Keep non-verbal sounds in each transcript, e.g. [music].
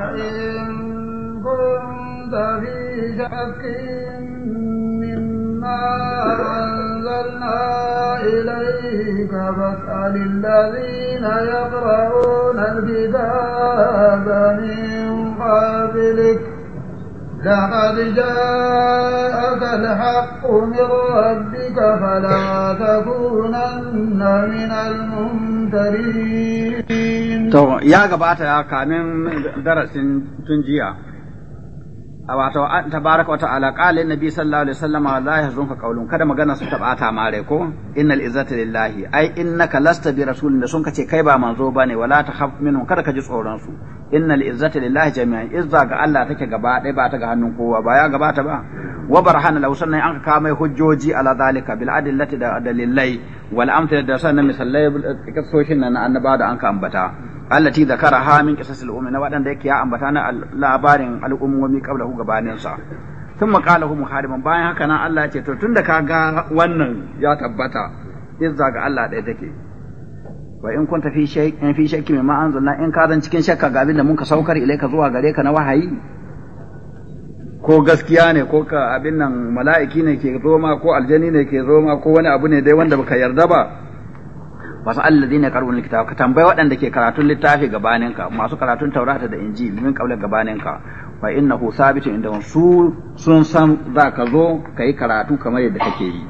إن كنت في شك مما أنزلنا إليك فاسأل الذين يقرؤون الكتاب من قبلك لقد جاءك الحق من ربك فلا تكونن من الممترين To, ya gabata kamin darasin tun jiya, a wato tabaraka wata alaƙali nabi sallallahu alaihi wasallama la yahzunka qaulun kada magana su tabata mare ko innal izzata lillahi ai innaka lasta bi rasulin da sun kace kai ba manzo bane ta takhaf minhum kada ka ji tsoron su innal izzata lillahi jami'an izza ga Allah take gaba ɗaya ba ta ga hannun kowa ba ya gabata ba wa barhana law sannan an ka mai hujjoji ala zalika bil adillati da dalilai wal amthila da sannan misalai eh, kasoshin nan annaba da an ka ambata allati zakaraha min qisas al-ummi na wadanda yake ya ambata na labarin al'ummomi qablahu gabanin sa sun maqalahu bayan haka nan Allah ya ce to tunda ka ga wannan ya tabbata izza ga Allah ɗaya take wa in kunta fi fi shakki mimma anzalna in ka zan cikin shakka ga abinda da mun ka saukar ilaika zuwa gare ka na wahayi ko gaskiya ne ko ka abin nan mala'iki ne ke zoma ko aljani ne ke zoma ko wani abu ne dai wanda baka yarda ba wasu alladhina wani likita, ka tambayi waɗanda ke karatun littafi gabaninka, masu karatun taurata da injili min qabla gabaninka ka fa innahu sabitu inda su sun san za ka zo kai karatu kamar yadda kake yi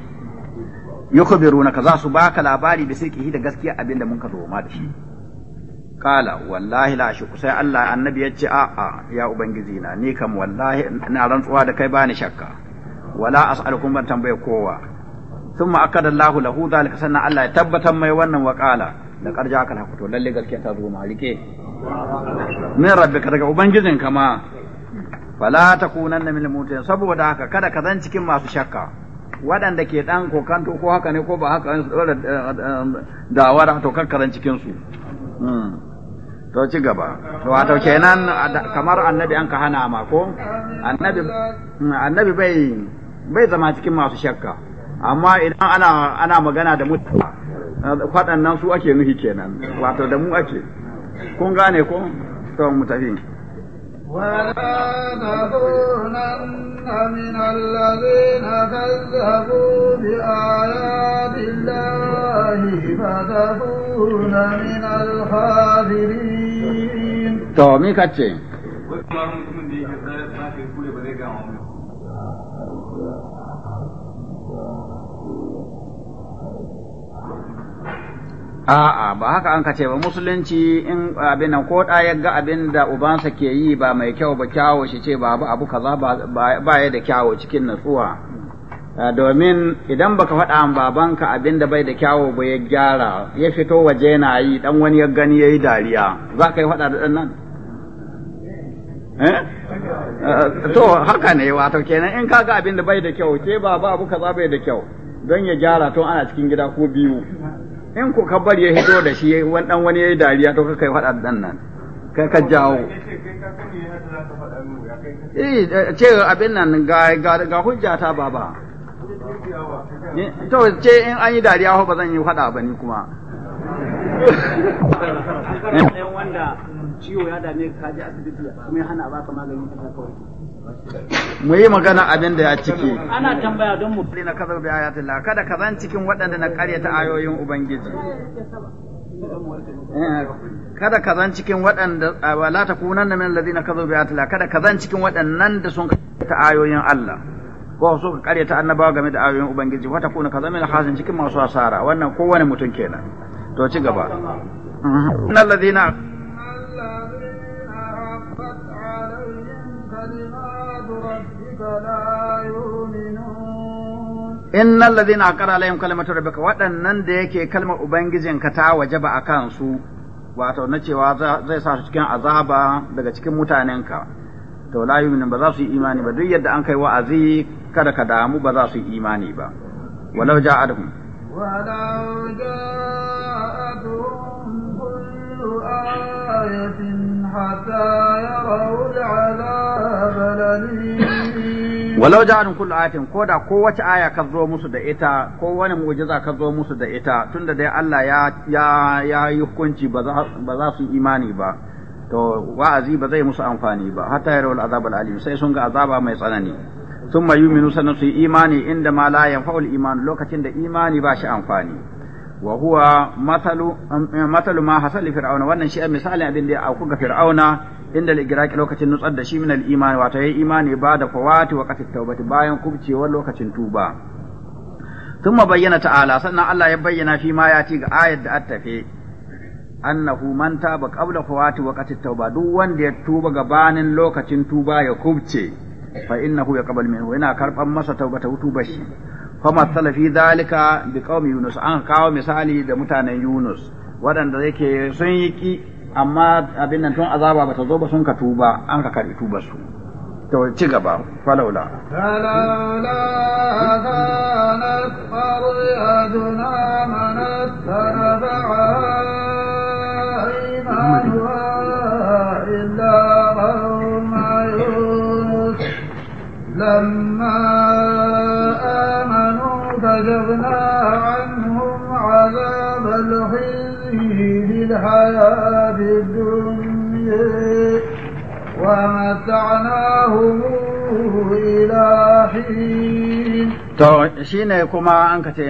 yukhbiruna ka za su baka labari da sirkihi da gaskiya abinda mun ka zo ma da shi kala wallahi la shi sai Allah annabi ya ce a'a ya ubangiji na ni kam wallahi na rantsuwa da kai bani shakka wala as'alukum ban tambaye kowa ثم أكد الله له ذلك سنة الله يتبت ما يوانا وقال لقد جاءك الحق للي قال كيف تظلم عليك من ربك رجع وبنجزن كما فلا تكونن من الموتين سبو داك كذا كذا cikin masu shakka waɗanda ke ɗan kokanto ko haka ne ko ba haka ne su ɗora eh, dawar to kakkaran cikin su hmm. to ci gaba to wato kenan kamar annabi an ka hana ma ko annabi hmm, annabi bai bai zama cikin masu shakka amma idan ana ana magana da mutu nan su ake nufi kenan wato da mu ake kun gane ko to mu ولا تكونن من الذين كذبوا بآيات الله فتكون من الخاسرين. تو كاتشي؟ A'a ba haka an kace ba musulunci in abin nan ko da ya ga abin da ubansa ke yi ba mai kyau ba kyawo shi ce ba abu kaza ba ya da kyawo cikin natsuwa. Domin idan baka faɗa babanka abin da bai da kyawo ba ya gyara ya fito waje na yi dan wani ya gani ya yi dariya za ka yi faɗa da ɗan nan. Eh? To haka ne wato kenan in kaga abin da bai da kyau ce ba abu kaza bai da kyau don ya gyara to ana cikin gida ko biyu. in ku ka bari ya hito da shi wani dan wani yayi dariya to kai faɗa da dan nan kai ka jawo eh, eh ce abin nan ga ga ga hujja ta baba to ce in an yi dariya ba zan yi faɗa ba ni kuma wanda ciwo ya dame ka je asibiti kuma ya hana ba ka magani ka kawai mu yi magana abin da ya ciki ana tambaya don mu na kaza bi ayatin la kada ka zan cikin waɗanda na karyata ayoyin ubangiji eh, kada ka zan cikin waɗanda wala ta kunan min alladhina kadhabu bi ayatin la kada ka zan cikin waɗannan da sun ta ayoyin Allah ko su ka karyata annabawa game da ayoyin ubangiji wata kuna kaza min hasin cikin masu asara wannan kowane mutum kenan to ci gaba alladhina alladhina ربك لا يؤمنون إن الذين أقر عليهم كلمة ربك وأن Ubangijin كلمة أبنجزين waje ba a kansu, wato na cewa zai sa su cikin azaba daga cikin mutanenka to la yu'minu ba za su yi imani ba duk yadda an kai wa'azi kada ka damu ba za su yi imani ba walau ja'adhum walau ja'adhum kullu walauja an kullu ayatin koda ko wata aya ka musu da ita ko wani mujiza ka zo musu da ita tunda dai Allah ya yi hukunci ba za su imani ba to wa'azi ba zai musu amfani ba hatta ya rawul azabul sai sun ga azaba mai tsanani thumma yuminu sanasi imani inda ma la yanfa'ul iman lokacin da imani ba shi amfani wa huwa matalu um, eh, ma hasali fir'auna wannan shi misalin abin da ya auku ga fir'auna inda al-igraqi lokacin nutsar da shi min al-iman wato yayi imani ba da fawati wa qatit tawbati bayan kubcewar lokacin tuba thumma bayyana ta'ala sannan Allah ya bayyana fi ma ci ga ayat da attafe annahu man taba qabla fawati wa qatit tawba duk wanda ya tuba gabanin lokacin tuba ya kubce fa innahu yaqbal minhu yana karban masa tawbata tuba shi kuma salafi zalika bi qaumi yunus an kawo misali da mutanen yunus waɗanda yake sun yi ki amma abin nan tun azaba bata zo ba sun ka tuba an ka kare tuba su to ci gaba falaula falaula adanat qaryatuna manat yunus فكشفنا عنهم عذاب الخزي في الحياة الدنيا ومتعناهم إلى حين to shine kuma an ka ce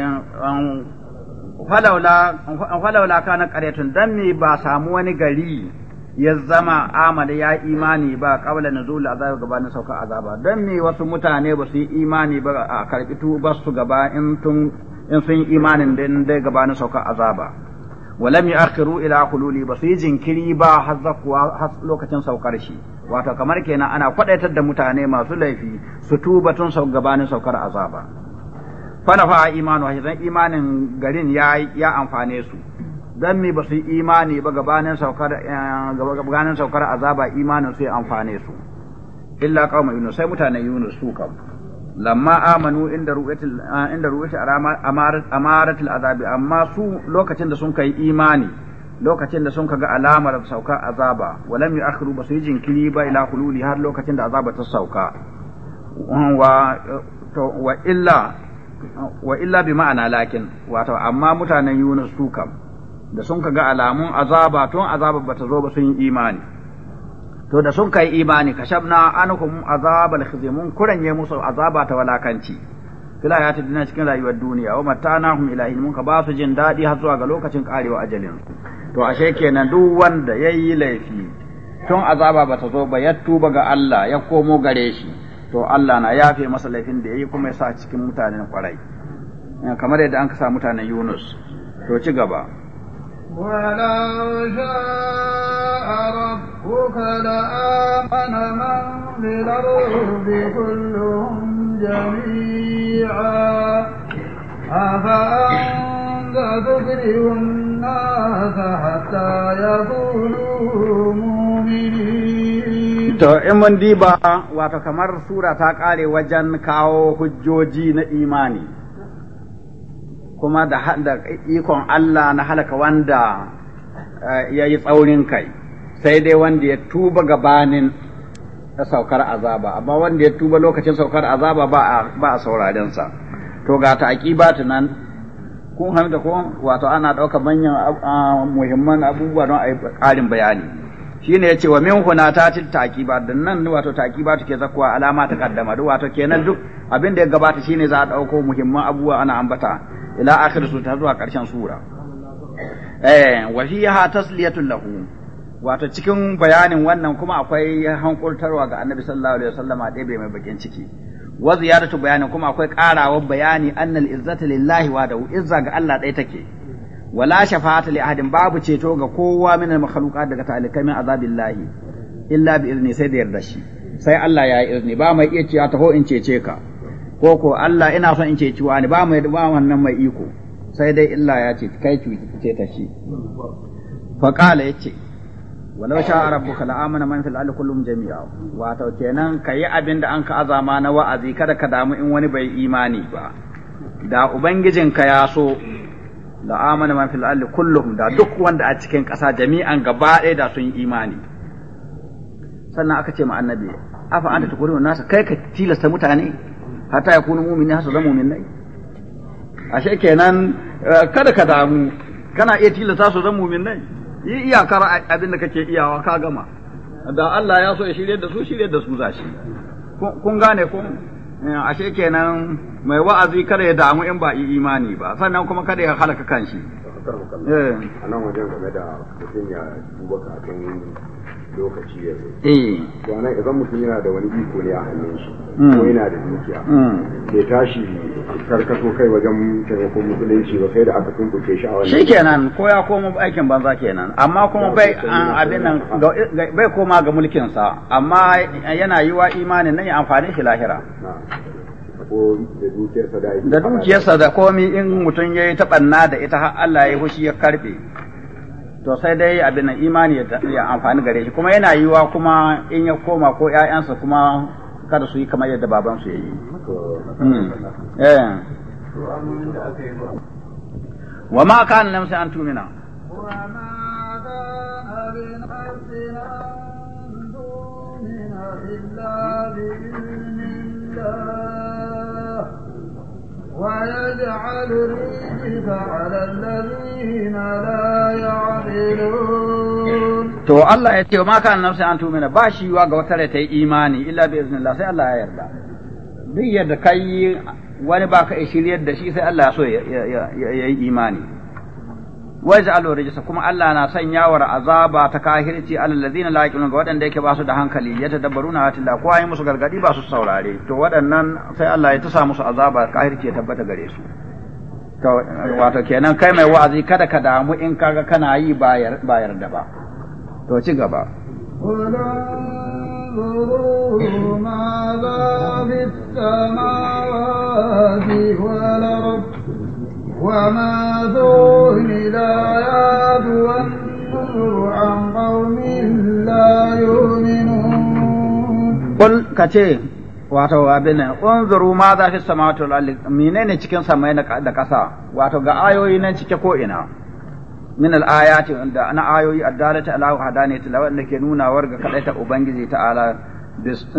falaula kana qaryatun dan me ba samu wani gari ya zama amana ya imani ba qabla nuzul azab gabanin sauka azaba dan me wasu mutane ba su yi imani ba a karbi ba su gaba in tun in sun yi imanin din dai gabanin sauka azaba walam yu'akhiru ila hululi ba su yi jinkiri ba har zakwa har lokacin saukar shi wato kamar kenan ana kwadaitar da mutane masu laifi su tuba tun sau gabanin saukar azaba fa nafa imanu hajjan imanin garin ya ya amfane su dan mi ba su yi imani ba eh, gabanin saukar azaba imanin su ya amfane su illa qauma yunus sai mutanen yunus su kam lamma amanu inda ru'yatil eh, inda ru'yatil amaratil azabi amma su lokacin da sun kai imani lokacin da sun ga alamar sauka azaba walam yu'akhiru ba su yi jinkiri ba ila hululi har lokacin da azaba ta sauka wa illa wa illa bi ma'ana lakin wato amma mutanen yunus su kam da sun ka ga alamun azaba tun azaba bata zo ba sun yi imani to da sun kai imani kashabna anhum azabal khizy mun kuranye musu azaba ta walakanci kila ya tadina cikin rayuwar duniya wa matanahum ila mun ka ba su jin dadi har zuwa ga lokacin karewa ajalin to ashe kenan duk wanda yayi laifi tun azaba bata zo ba ya tuba ga Allah ya komo gare shi to Allah na yafe masa laifin da yayi kuma ya sa cikin mutanen kwarai kamar yadda an ka sa mutanen Yunus to ci gaba ولو شاء ربك لآمن من في الأرض كلهم جميعا أفأنت تكره الناس حتى يكونوا To, in mun diba wato kamar sura ta ƙare wajen kawo hujjoji na imani. kuma da ikon Allah na halaka wanda eh, ya yi tsaurin kai sai dai wanda ya tuba gabanin saukar azaba amma wanda ya tuba lokacin saukar azaba ba a saurarensa. to ga ta aqiba nan kun hamta ko wato ana ɗauka manyan muhimman abubuwa don a yi ƙarin bayani Shi ne ya ce wa min huna ta ba, da nan wato ta ke zakuwa alama ta kaddama wato kenan duk abin da ya gabata shi ne za a ɗauko muhimman abubuwa ana ambata ila akhir sura zuwa karshen sura eh wa fiha tasliyatun lahu wato cikin bayanin wannan kuma akwai hankultarwa ga annabi sallallahu alaihi wasallama ɗebe mai bakin ciki wa ziyadatu bayanin kuma akwai ƙarawar bayani annal izzata lillahi wa dahu izza ga Allah ɗaya take wala shafata li ahadin babu ceto ga kowa min al makhluqat daga talikai min azabillahi illa bi izni sai da yarda shi sai Allah ya yi izni ba mai iya cewa taho in cece ka ko ko Allah ina son in ce ciwa wani ba mai ba wannan mai iko sai dai illa ya ce kai ce ta shi fa qala yace walau sha rabbuka la amana man fil al kullum jami'a wato kenan kai abin da an ka azama na wa'azi kada ka damu in wani bai imani ba da ubangijinka ya so la amana man fil al kullum da duk wanda a cikin kasa jami'an gaba ɗaya da sun yi imani sannan aka ce ma annabi afa anta tukuru nasa kai ka tilasta mutane hatta ya kunu mumini har su zama muminai ashe kenan eh, kada ka damu kana iya tilasta su zama muminai yi iyakar abin da kake iyawa ka gama da Allah ya so ya shirye da su shirye da su za shi kun gane ko eh, ashe kenan mai wa'azi kada ya damu in ba imani ba sannan kuma kada ya halaka kanshi eh. a nan wajen game da mutum ya duba kakan lokaci ya zo Eh. nan idan mutum yana da wani iko ne a hannun shi hmm. ko yana da dukiya hmm. bai tashi karkato kai wajen taimakon musulunci ba sai da aka tunkuke shi a wannan shikenan ko ya koma aikin banza kenan amma kuma bai abin nan bai koma ga mulkin sa amma yana yiwa imanin nan ya amfane shi lahira da dukiyarsa da komi in mutum ya yi taɓanna da ita har Allah ya hushi ya karɓe to sai dai abin imani ya amfani gare shi kuma yana yiwa kuma in ya koma ko ƴaƴansa kuma kada su yi kamar yadda babansu yayi yi hmm. eh. wa ma kana lamsa an tumina إلا بإذن الله ويجعل الرجس على الذين لا يعقلون to Allah ya ce ma kana nafsi an tumina ba shi wa ga wata ta yi imani illa bi iznillah sai Allah ya yarda duk yadda kai wani baka shiryar da shi sai Allah ya so ya imani waj'alu rijsa kuma Allah na sanya wa azaba ta kahirci alal ladina la yaqilun ga wadanda yake ba su da hankali ya tadabbaruna na la ko ayi musu gargadi ba su saurare to waɗannan sai Allah ya tasa musu azaba kahirci ya tabbata gare su to wato kenan kai mai wa'azi kada ka damu in kaga kana yi bayar da ba to ci gaba وما دون الآيات والنذر عن قوم wato abin unzuru ma za fi samawati wal ardi cikin samai da ƙasa wato ga ayoyi nan cike ko ina min al ayati da ana ayoyi addalata ala hadani tilawa da ke warga ga kadaita ubangiji ta'ala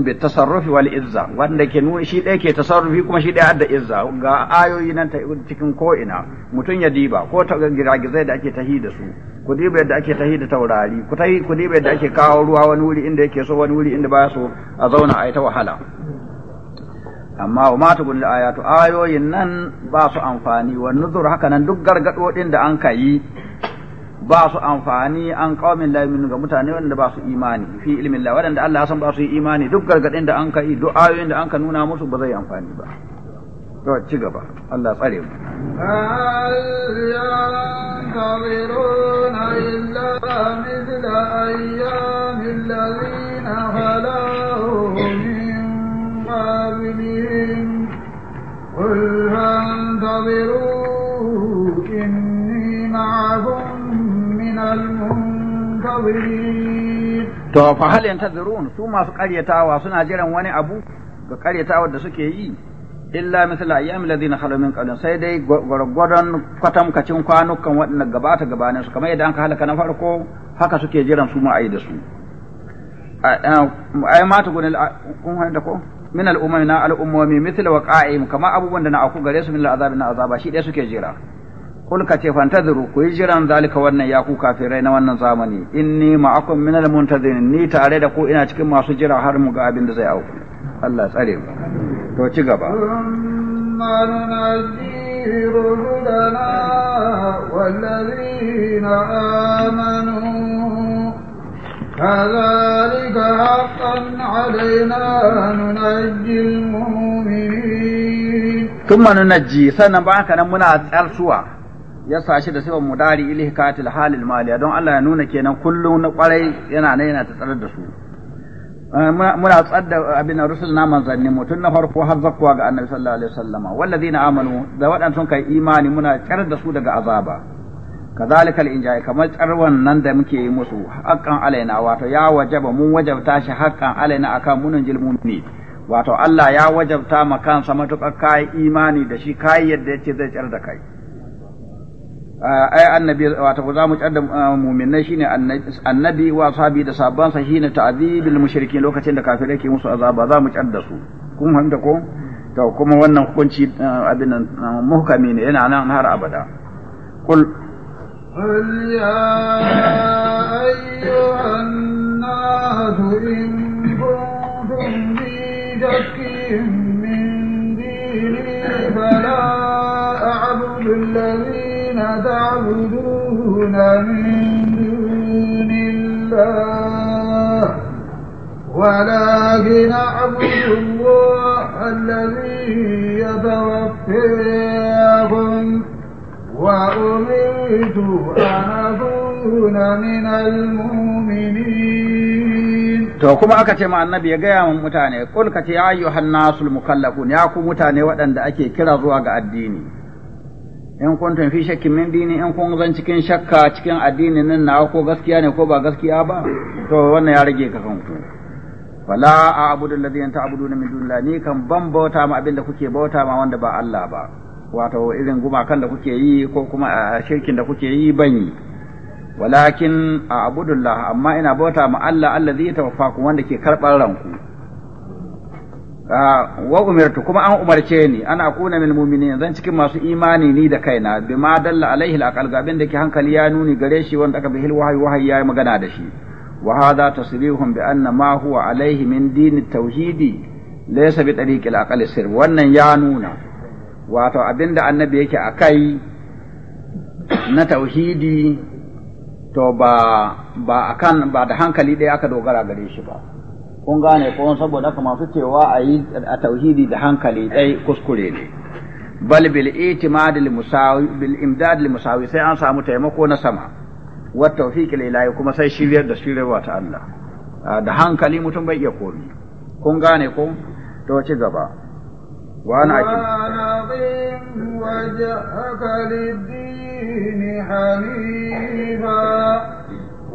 bi tasarrufi wal izza wanda ke nuna shi ɗaya ke tasarrufi kuma shi ɗaya da izza ga ayoyi nan ta cikin ko ina mutum ya diba ko ta giragizai da ake tahi da su ku diba yadda ake tahi da taurari ku tahi ku diba yadda ake kawo ruwa wani wuri inda yake so wani wuri inda baya so a zauna a yi ta wahala amma wa mata gudun ayatu ayoyin nan ba su amfani wa nuzur haka nan duk gargaɗoɗin da an ka yi ba su amfani an qaumin la min ga mutane wanda ba su imani fi ilmin la wanda Allah san ba su imani duk gargadin da an kai du'ayoyin da an ka nuna musu ba zai amfani ba to ci gaba Allah tsare mu ينتظرون إلا قل فانتظروا إني معكم to fa hal yantazirun su masu karyatawa suna jiran wani abu ga karyatawa da suke yi illa misla ayyam alladhina khalu min qablin sai dai gwargwadon kwatamkacin kwanukan waɗanda gabata gabanin su kamar yadda an halaka na farko haka suke jiran su ma ayi da su ai ta gunil kun da ko min al al'ummi na al'ummomi mithla waqa'im kamar abubuwan da na aku gare su min al'azabi na azaba shi dai suke jira kul ka ce fantazuru ku yi jiran zalika wannan ya ku kafirai na wannan zamani inni ma'akum minal muntazirin ni tare da ku ina cikin masu jira har mu ga abin da zai auku Allah tsare mu to ci gaba والذين آمنوا كذلك حقا sannan ننجي المؤمنين ثم ننجي سنة ya sashi da sifan mudari ilhikatil halil maliya don Allah ya nuna kenan kullum na kwarai yana nan yana tsarar da su eh, muna tsar da abin rusul na manzanni mutum na farko har zakkuwa ga annabi sallallahu alaihi na wallazina amanu da waɗanda sun kai imani muna tsar da su daga azaba kazalika al-injai kamar tsar wannan da muke yi musu haqqan alaina wato ya wajaba mun wajabta shi haqqan alaina akan munin jilmuni wato Allah ya wajabta ma kansa matukar kai imani da shi kai yadda yake zai tsar da kai ai annabi wato za mu cadda mu'minai shine annabi wa sahabi da sabban sa shine ta'dibil mushrikin lokacin da kafirai ke musu azaba za mu tsada su kun fahimta ko to kuma wannan hukunci abin nan muhkami ne yana nan har abada qul qul ya ayyuhan nas in kuntum fi shakkin min dini fala a'budu alladhi تعبدون من دون الله ولكن أعبد الله الذي يتوفيكم وأمرت أن أكون من المؤمنين to kuma aka ce ma annabi ya gaya min mutane kul ka ce ya yi hannasul mukallafun ya ku mutane waɗanda ake kira zuwa ga addini in kuntum fi shakkin min dini in kun zan cikin shakka cikin addini nan na ko gaskiya ne ko ba gaskiya ba to wannan ya rage ka kanku wala a'budu alladhina ta'buduna min dunillahi ni kan ban bauta ma abinda kuke bauta ma wanda ba Allah ba wato irin gumakan da kuke yi ko kuma shirkin da kuke yi ban yi walakin a'budu Allah amma ina bauta ma Allah alladhi tawaffaku wanda ke karbar ranku Ah, wa umirtu kuma an umarce ni ana kuna min mu'minin zan cikin masu imani ni da kaina ma dalla alaihi al ga abin da ke hankali ya nuni gare shi wanda aka bihil wahayi wahayi yayi magana da shi wa hadha tasrihum bi anna ma huwa alaihi min dini tauhidi laysa bi tariqil aqli sir wannan ya nuna wato abinda annabi yake akai na tauhidi to ba ba akan ba da hankali ɗaya aka dogara gare shi ba kun gane kun saboda haka masu cewa a yi a tauhidi da hankali dai kuskure ne bal bil itimad lil musawi bil imdad lil musawi sai an samu taimako na sama wa tawfiq lil ilahi kuma sai shiryar da shiryarwa ta Allah da hankali mutum bai iya komi kun gane ko to ci gaba wa ana aqim wajhaka lid-din hanifa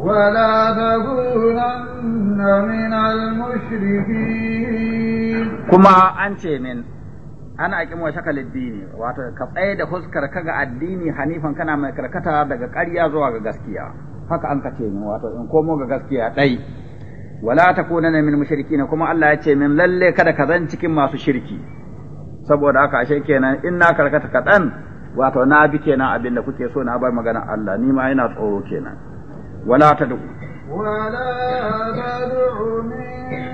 ولا تكونن kuma an ce min ana aƙi wa shakal addini wato ka tsaye da huskar ka ga addini hanifan kana mai karkata daga ƙarya zuwa ga gaskiya haka an kace min wato in komo ga gaskiya ɗai wala ta ne min ne, kuma Allah ya ce min lalle kada ka zan cikin masu shirki saboda haka ashe kenan in na karkata kaɗan wato na bi kenan abin da kuke so na bar magana Allah ni ma ina tsoro kenan wala ta duk ولا تدع من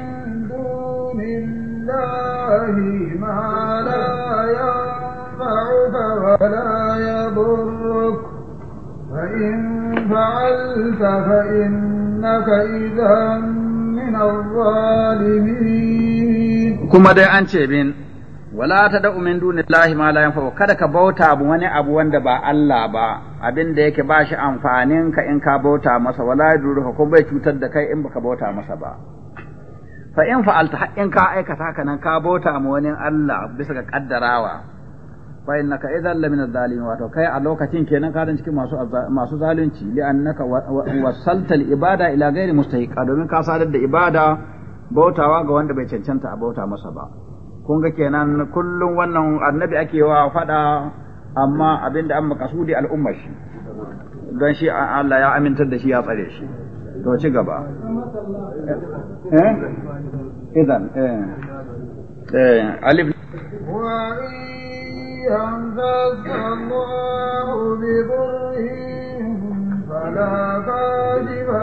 دون الله ما لا ينفعك ولا يضرك فإن فعلت فإنك إذا من الظالمين كما دي أنت wala ta da umin dunillahi ma la yanfa kada ka bauta abu wani abu wanda ba Allah ba abin da yake ba shi amfanin ka in ka bauta masa wala yadurruka ko bai cutar da kai in baka bauta masa ba fa in fa'alta in ka aikata haka nan ka bauta ma wani Allah bisa ga kaddarawa fa innaka idan la min adh wato kai a lokacin kenan ka dan cikin masu masu zalunci li annaka wasalta al-ibada ila ghairi mustahiqa domin ka sadar da ibada bautawa ga wanda bai cancanta a bauta masa ba kun ga kenan kullum wannan annabi ake wa faɗa amma abinda an makasudi al'umma shi don shi Allah ya amintar da shi ya tsare shi to ci gaba eh idan eh eh alif wa hamdasallahu bi fala ghaliba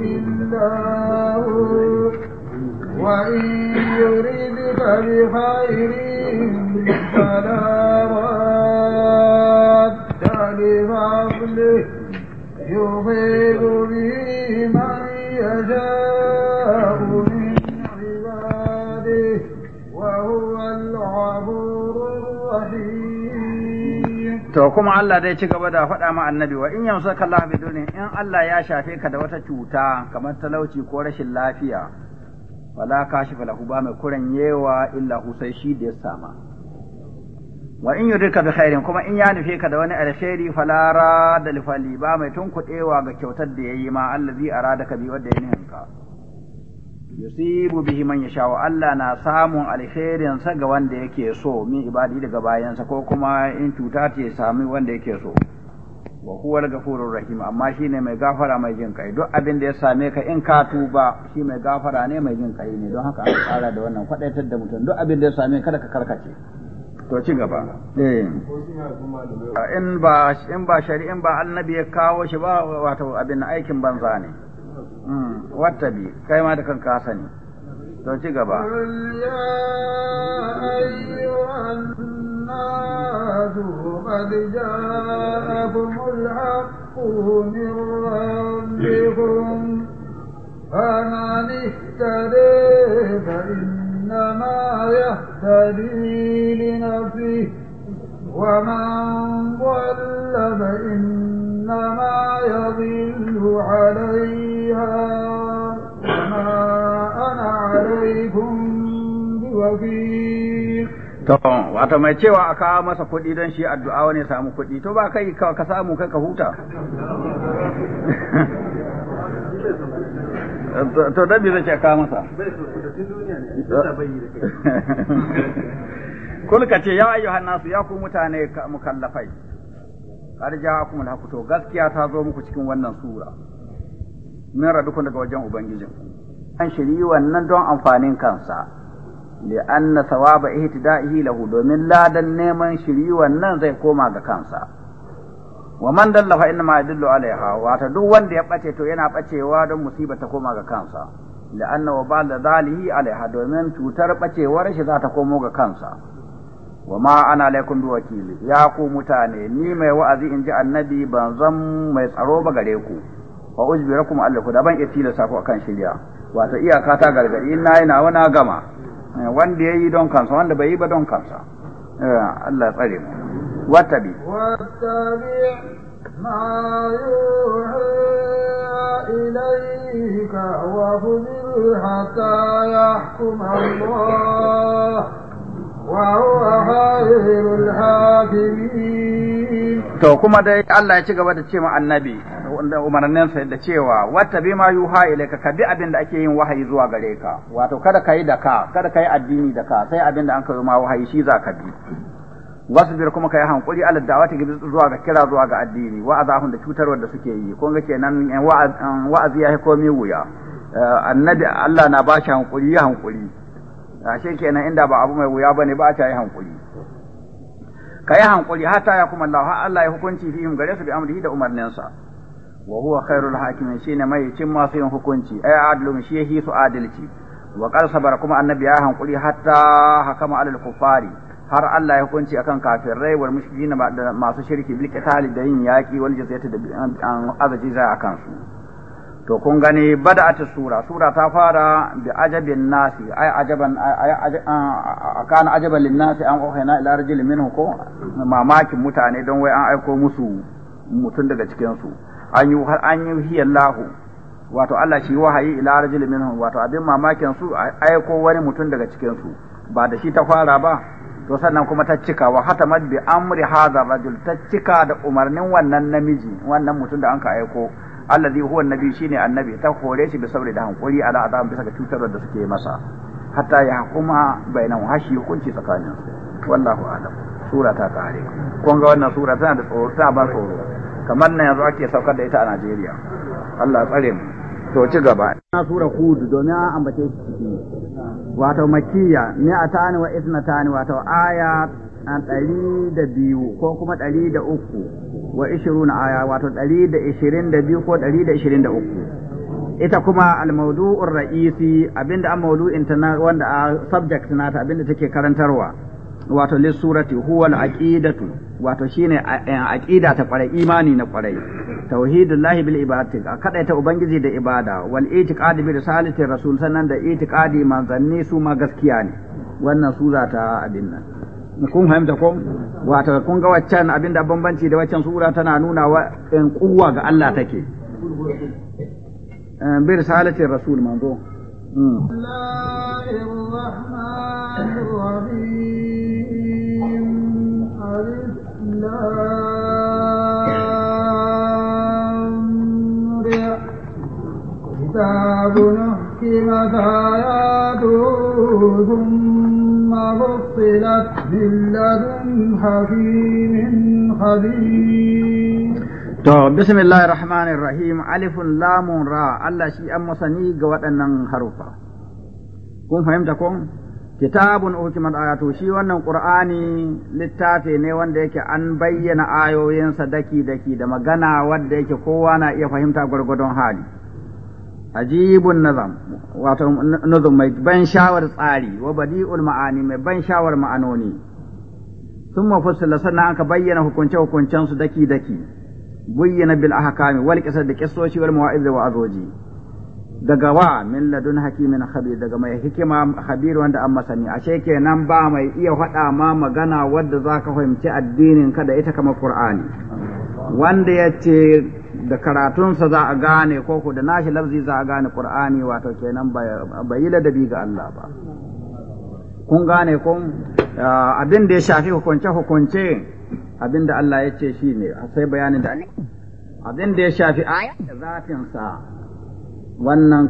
illa وإن يردك بخير فلا رد لفضله يصيب به من يشاء من عباده وهو الغفور الرحيم to kuma Allah dai ci gaba da faɗa ma annabi wa in yamsaka in Allah ya shafe ka da wata cuta kamar talauci ko rashin lafiya wala kashifa lahu ba mai kuran yewa illa hu sai shi da ya sama wa in yurika bi khairin kuma in ya nufe ka da wani alheri fala rada li fali ba mai tunkuɗewa ga kyautar da yayi ma allazi ka bi wanda ya nihinka yusibu bihi man yasha wa Allah na samun alherin ga wanda yake so min ibadi daga bayansa ko kuma in cuta ce sami wanda yake so wa huwa al-ghafurur rahim amma shine mai gafara mai jin kai duk abin da ya same ka in ka tuba shi mai gafara ne mai jin kai ne don haka an tsara da wannan kwadaitar da mutum duk abin da ya same kada ka karkace to ci gaba eh in ba in ba shari'in ba annabi ya kawo shi ba wato abin aikin banza ne mm wattabi kai ma da kanka sani don ci gaba قد جاءكم الحق من ربكم فمن اهتدي فإنما يهتدي لنفسه ومن ضل فإنما يضل عليها وما أنا عليكم بوكيل To, wato mai cewa a kawo masa kuɗi don shi addu'a wani samu kuɗi, to ba kai ka samu kai ka huta. To, dabi zai ce kawo masa. Kulka ce ya ayyuhan nasu ya ku mutane mukallafai kar ja ku mun to gaskiya ta zo muku cikin wannan sura min rabbikum daga wajen ubangijin an shiri wannan don amfanin kansa li anna thawaba ihtida'ihi lahu domin ladan neman shiri wannan zai koma ga kansa wa man dalla fa inma yadullu alaiha duk wanda ya bace to yana bacewa don musiba ta koma ga kansa la'anna wa ba'da zalihi alaiha domin cutar bacewar shi za ta komo ga kansa wa ma ana alaikum bi ya ku mutane ni mai wa'azi in ji annabi ban zan mai tsaro ba gare ku wa allah ku da ban itila tilasa ku akan shirya wato iyaka ta gargadi in nayi nawa na gama eh, wanda yayi don kansa wanda bai yi ba don kansa eh, Allah tsare mu wattabi wattabi ما يوحى إليك وخذ حتى يحكم Allah to kuma dai Allah ya ci gaba da ce ma annabi umarninsa da cewa wata bi ma yuha ilayka ka bi abin da ake yin wahayi zuwa gare ka wato kada kai da ka kada kai addini da ka sai abin da an karu ma wahayi shi za ka bi wasbir kuma kai hankuri ala da'wati gibi zuwa ga kira zuwa ga addini wa da cutarwar da suke yi kun ga kenan eh, eh, wa'azi ya yi komai wuya eh, annabi Allah na ba shi hankuri hankuri ashe kenan inda ba abu mai wuya bane ba ta yi hankuli ka yi hankuli hatta ya kuma Allah har Allah ya hukunci fihim gare su bi amrihi da umarninsa wa huwa khairul hakimin shine mai cin masu yin hukunci ay adlum shi yahi su adalci wa qad sabara kuma annabi ya hankuli hatta hakama alal kufari har Allah ya hukunci akan kafirai wal mushrikin masu shirki bil qitali da yin yaki wal jizyati da azaji za akan su to kun gani ta sura sura ta fara bi ajabin nasi ai ajaban a kana ajaban lin nasi an ohina ila rajul minhu ko mamakin mutane don wai an aiko musu mutun daga cikin su an yi har an yi hiyallahu wato Allah shi wahayi ila rajul minhu wato abin mamakin su aiko wani mutun daga cikin su ba da shi ta fara ba to sannan kuma ta cika wa hatamat bi amri hadha rajul ta cika da umarnin wannan namiji wannan mutum da an ka aiko allazi huwa annabi shine annabi ta hore shi bi sabri da hankuri ala azam bisa ga cutarwar da suke masa hatta ya kuma bainan hashi hukunci tsakanin su wallahu alam sura ta kare kun ga wannan sura tana da tsoro ta ba tsoro kamar nan yanzu ake saukar da ita a Najeriya Allah ya tsare mu to ci gaba na sura hud domin an ambace shi ciki wato makkiya mi'atani wa isnatani wato aya ɗari da biyu ko kuma ɗari da uku wa ishirun aya wato ɗari da ishirin da biyu ko ɗari da ishirin da uku ita kuma almaudu'ur ra'isi abinda an maudu'in ta wanda a subject ta abinda take karantarwa wato lissurati huwa al-aqidatu wato shine eh, aqida ta kwarai imani na kwarai tauhidullahi bil ibadati kada ta ubangiji da ibada wal itiqadi bi risalati rasul sannan da itiqadi manzanni su ma gaskiya ne wannan sura ta abin nan kun fahimta ko wato kun ga waccan abinda bambanci da waccan sura tana nuna wa in kuwa ga Allah take eh, bi risalatin rasul manzo كتاب نحكمت آياته ثم فصلت من لدن حكيم خبير To, bismillahir rahmanir rahim alifun lamun ra Allah shi an masani ga waɗannan harufa. Kun fahimta kun? Kitabun hukimat ayatu shi wannan Qur'ani littafi ne wanda yake an bayyana ayoyinsa daki-daki da magana wadda yake kowa na iya fahimta gwargwadon hali. ajibun nazam wato nazum mai ban shawar tsari wa badi'ul ma'ani mai ban shawar ma'anoni sun mafussula sannan aka bayyana hukunce hukuncensu daki daki bayyana bil ahkami wal qisas da qissoshi wal mawa'iz wa azoji daga wa min ladun hakimin khabir daga mai hikima khabir wanda an masani ashe kenan ba mai iya faɗa ma magana wadda zaka fahimci addinin ka da ita kamar qur'ani wanda yace da karatunsa za a gane ko da nashi lafzi za a gane qur'ani wato kenan bai yi ladabi ga Allah ba kun gane kun abin da ya shafi hukunce hukunce abin da Allah ya ce shi ne sai bayanin da abin da ya shafi aya zafinsa, wannan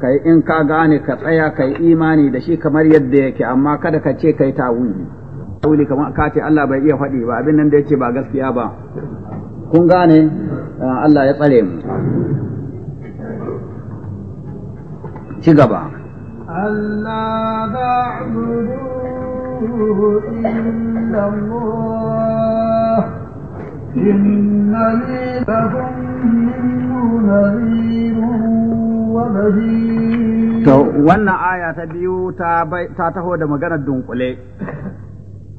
kai in ka gane ka tsaya kai imani da shi kamar yadda yake amma kada ka ce kai tawuli tawuli kamar ka ce Allah bai iya faɗi ba abin nan da yake ba gaskiya ba kun gane ah, Allah ya tsare mu ci gaba To wannan aya ta biyu ta taho da maganar dunkule,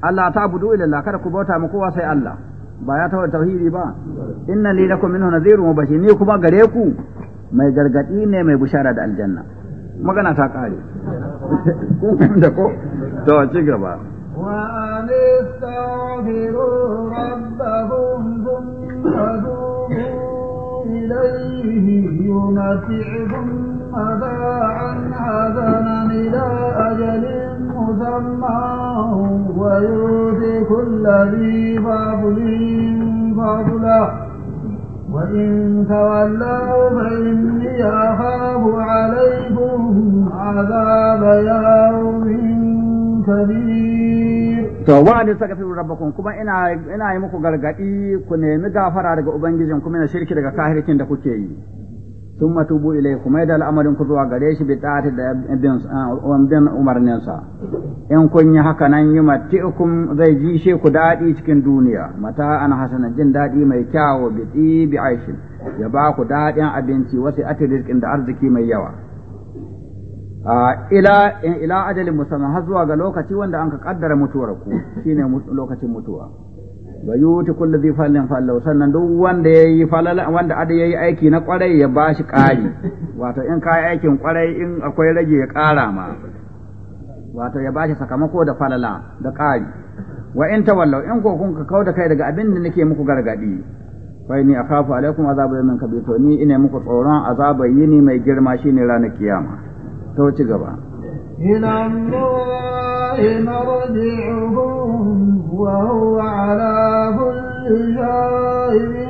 Allah ta budu ilallah kada ku bauta mu kowa sai Allah. ba ya taɓa tauhidi ba inna li lakum minhu nadhirun mubashir ni kuma gare ku mai gargadi ne mai bushara da aljanna magana ta kare ku da ko to ci gaba wa استغفروا rabbahum ثم ilayhi yunati'hum adaa an حسنا ila ajalin مسمى ويؤتي كل ذي فضل فضله وإن تولوا فإني أخاف عليكم عذاب يوم كبير to wa da saka firu rabbakum kuma ina yi muku gargadi ku nemi gafara daga ubangijin kuma na shirki daga kahirkin da kuke yi sun matubu ilai kuma yadda al'amarin ku zuwa gare shi bi ta'ati da bin umarnin sa in kun yi haka nan yi mati'ukum zai ji shi ku daɗi cikin duniya mata an hasana jin daɗi mai kyawo bi bi aishin ya ba ku daɗin abinci wasu ati da arziki mai yawa ila ila ajalin musamman har zuwa ga lokaci wanda an kaddara mutuwar ku shine lokacin mutuwa wa yuti zai dhi falin fallahu sannan duk wanda yayi falala wanda ada yayi aiki na kwarai ya bashi ƙari [laughs] wato in kai aikin kwarai in akwai rage ya kara ma wato ya bashi sakamako da falala da kari wa in tawallau in ko kun ka kauda kai daga abin da nake muku gargadi fa ni akhafu alaikum azaba yawmin kabir to ni ina muku tsoron azaba yini mai girma shine ranar kiyama to ci gaba إلى الله مرجعهم وهو على كل شيء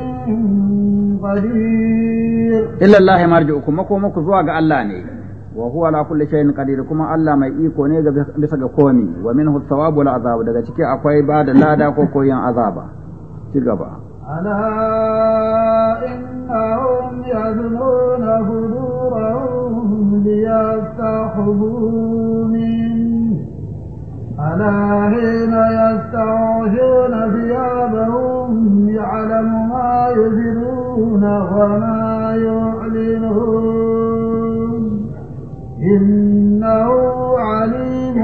قدير إلى الله مرجعكم مكو مكو زواج الله وهو على كل شيء قدير كما الله ما iko ne bisa ga ومنه الثواب والعذاب thawabu wal azab بعد لا akwai ba da lada ko koyan ألا إنهم يثنون صدورهم ليستحبوا منه ألا حين يستعجون ثيابهم يعلم ما يبدون وما يعلنون إنه عليم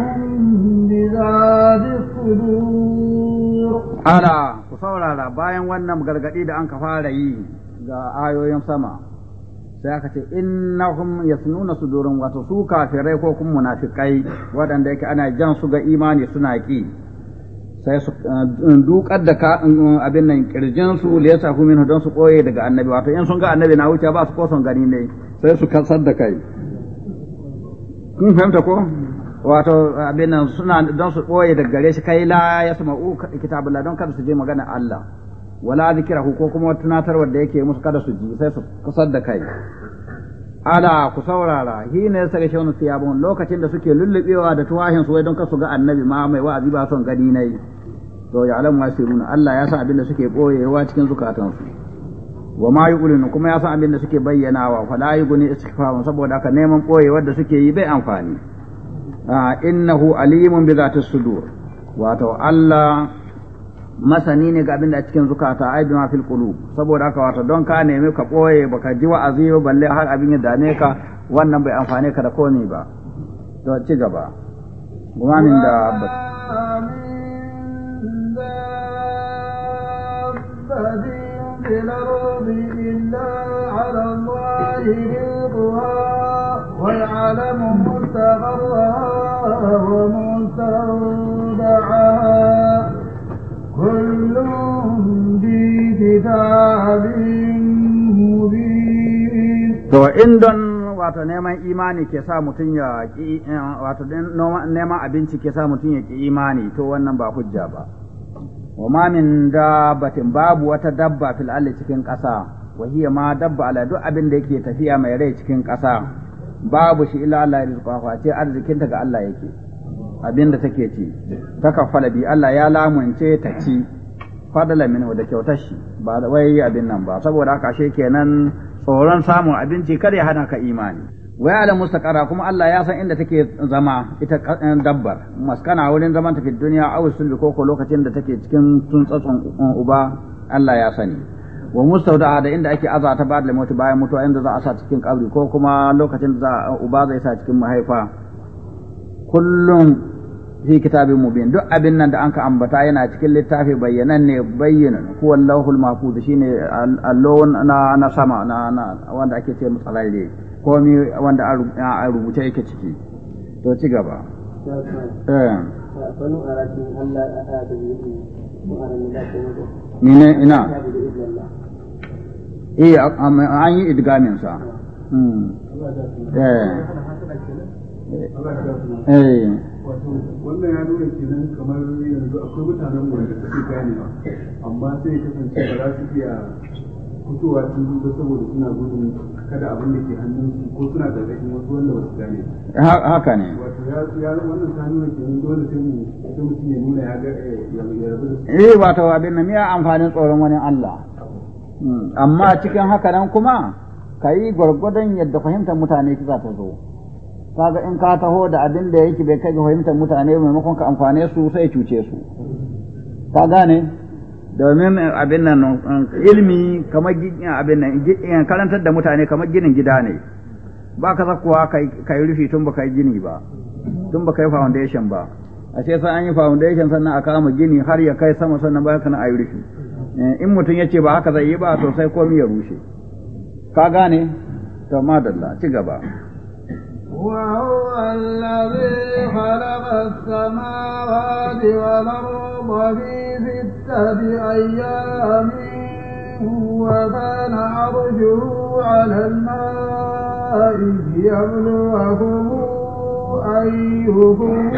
بذات الصدور ألا bayan wannan gargadi da an ka fara yi ga ayoyin sama sai aka ce innahum yasnuna sudurun wato su kafirai ko kuma munafikai waɗanda yake ana jan su ga imani suna ki sai su eh, dukar da eh, abin nan kirjin su da ku minhu don su koye daga annabi wato in sun ga annabi na wuce ba su ko gani ne sai su kasar da kai kun fahimta ko wato abin suna don su ɓoye daga gare shi kai la ya sama u la don kada su je magana Allah wala zikira ko kuma tunatarwar da yake musu kada su ji sai su kusar da kai ala ku saurara hi ne saka shi lokacin da suke lullubewa da tuwahin su wai don kasu ga annabi ma mai wa'azi ba son gani nayi to ya alamu wasiruna Allah ya san abin da suke boyewa cikin zukatansu wa ma yuqulun kuma ya san abin da suke bayyana bayyanawa fa la yuquni istighfarun saboda haka neman boyewar da suke yi bai amfani Ah, innahu alimun bi zati sudur wato Allah masani ne ga abin da cikin zukata ai ma fil qulub saboda haka wato don ka nemi ka boye baka ji wa'azi ba balle har abin ya dame ka wannan bai amfane ka da komai ba to ci gaba gumamin da الأرض إلا على الله رزقها ويعلم مستقرها ومستودعها كل في كتاب don wato neman imani ke sa mutum ya wato neman abinci ke sa mutum ya ki imani to wannan ba hujja ba wa ma min dabbatin babu wata dabba fil alli cikin ƙasa wa hiya ma dabba ala duk abin da yake tafiya mai rai cikin ƙasa babu shi illa Allah kwa ce arzikin daga Allah yake abin da take ci ta kafala bi Allah ya lamunce ta ci fadala min da kyautar shi ba wai abin nan ba saboda haka kenan tsoron samun abinci kar ya hana ka imani wa ya'lam Mustaqara? kuma Allah ya san inda take zama ita eh, dabbar maskana wurin zaman ta fi duniya aw sulbi ko ko lokacin da take cikin tuntsatsun eh, uba Allah ya sani wa mustawda'a da inda ake aza ta ba'da mutu bayan mutuwa inda za a sa cikin kabri ko kuma lokacin da za uba zai sa cikin mahaifa kullum fi kitabin mubin duk abin nan da an ka ambata yana cikin littafi bayyanan ne bayyanan huwa Allahul mahfuz shine allon na na sama na wanda ake ce musalai komi wanda a rubuce yake ciki to ci gaba eh. Nine ina eh an yi idgamin sa hmm. eh. Eh. wannan ya nuna kenan kamar yanzu akwai mutanen mu da suke ganewa amma sai kasance ba za su iya fitowa sun ba saboda suna gudun kada abin da ke hannunsu ko suna gargaɗin wasu wanda wasu gane. Haka ne. Wato ya wannan ta nuna kenan dole sai mu ita mutum ya nuna ya ga eh, ya rabu da su. Eh wato abin nan ya amfanin tsoron wani Allah. Hmm, amma cikin haka nan kuma ka yi gwargwadon yadda fahimtar mutane ki za ta zo. Kaga in ka taho da abin da yake bai kai ga fahimtar mutane maimakon ka amfane su sai cuce su. Ka gane? domin eh, abin nan eh, ilmi kamar eh, abin nan karantar da mutane kamar ginin gida ne ba ka kuwa ka yi rufi tun ba ka yi gini ba tun ba ka yi foundation ba a ce sai an yi foundation sannan a kama gini har ya kai sama sannan ba kana a yi rufi in mutum ya ce ba haka zai yi ba to sai komi ya rushe ka gane to madalla ci gaba وهو الذي خلق السماوات والأرض في ستة أيام وكان عرشه على الماء ليبلوكم أيكم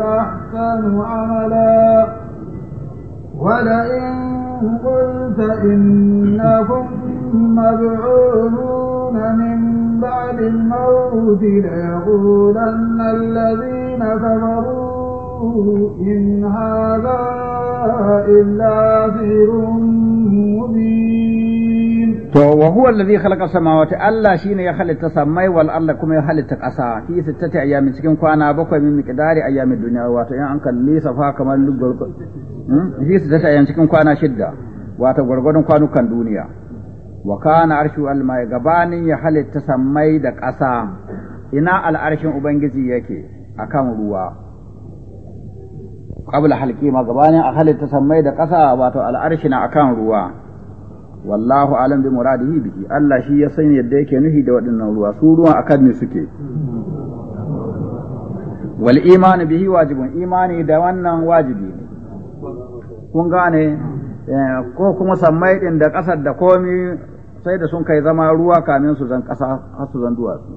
أحسن عملا ولئن قلت إنكم مبعوثون من بعد الموت ليقولن الذين كفروا إن هذا إلا سحر مبين to wa huwa alladhi khalaqa samawati Allah shine ya halitta samai Allah kuma ya halitta ƙasa fi sittati ayyamin cikin kwana bakwai min miqdari ayyamin duniya wato in an kalli safa kamar lugurgur hmm? fi sittati kwana shidda wato gwargwadon kwanukan duniya wa kana arshu almai gabanin ya halitta sammai da ƙasa ina al'arshin ubangiji yake akan ruwa qabla halqi ma gabanin a halitta sammai da ƙasa wato al'arshi akan ruwa wallahu alam bi muradihi bihi Allah shi ya san yadda yake nuhi da waɗannan ruwa su ruwa akan ne suke wal imani bihi wajibun imani da wannan wajibi ne kun gane eh, ko kuma sammai din da ƙasar da komi sai da sun kai zama ruwa kamin su zan ƙasa har su zan duwatsu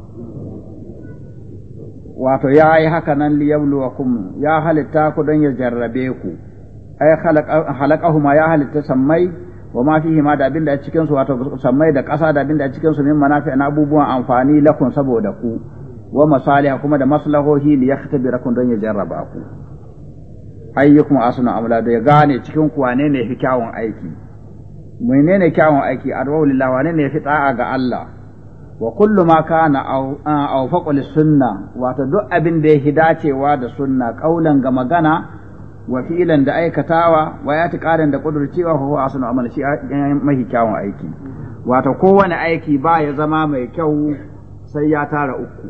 wato ya yi haka nan kuma ya halitta ku don ya jarrabe ku ai halaqahuma ya halitta sammai wa ma fihi ma da abin da a cikin su wato sammai da ƙasa da abin da a cikin su min manafi na abubuwan amfani lakun saboda ku wa masaliha kuma da maslahohi li yakhtabirakum don ya jarraba ku ayyukum asna amla da ya gane cikin ku wane ne fi kyawun aiki menene kyawun aiki arwau lillah wane ne ya fi ta'a ga Allah wa kullu ma kana aw faqul sunna wato duk abin da yake dacewa da sunna kaulan ga magana wa fi'lan da aikatawa wa ya tiqadan da kudurcewa fa huwa asnu amal shi mahi kyawun aiki wato kowane aiki ba ya zama mai kyau sai ya tara uku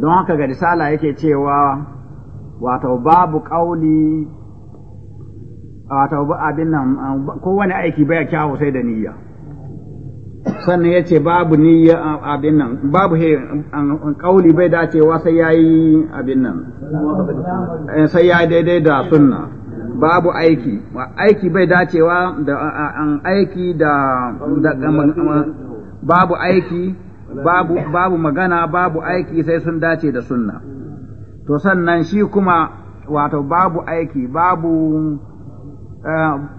don haka ga risala yake cewa wato babu kauli a ta abin nan kowane aiki baya kyawu sai da niyya sannan ya ce babu niyya abin nan babu he kauli bai dacewa sai ya yi abin nan eh, sai ya daidai da sunna babu aiki aiki bai dacewa da an aiki da babu aiki babu babu magana babu aiki sai sun dace da sunna to sannan shi kuma wato babu aiki babu Eh,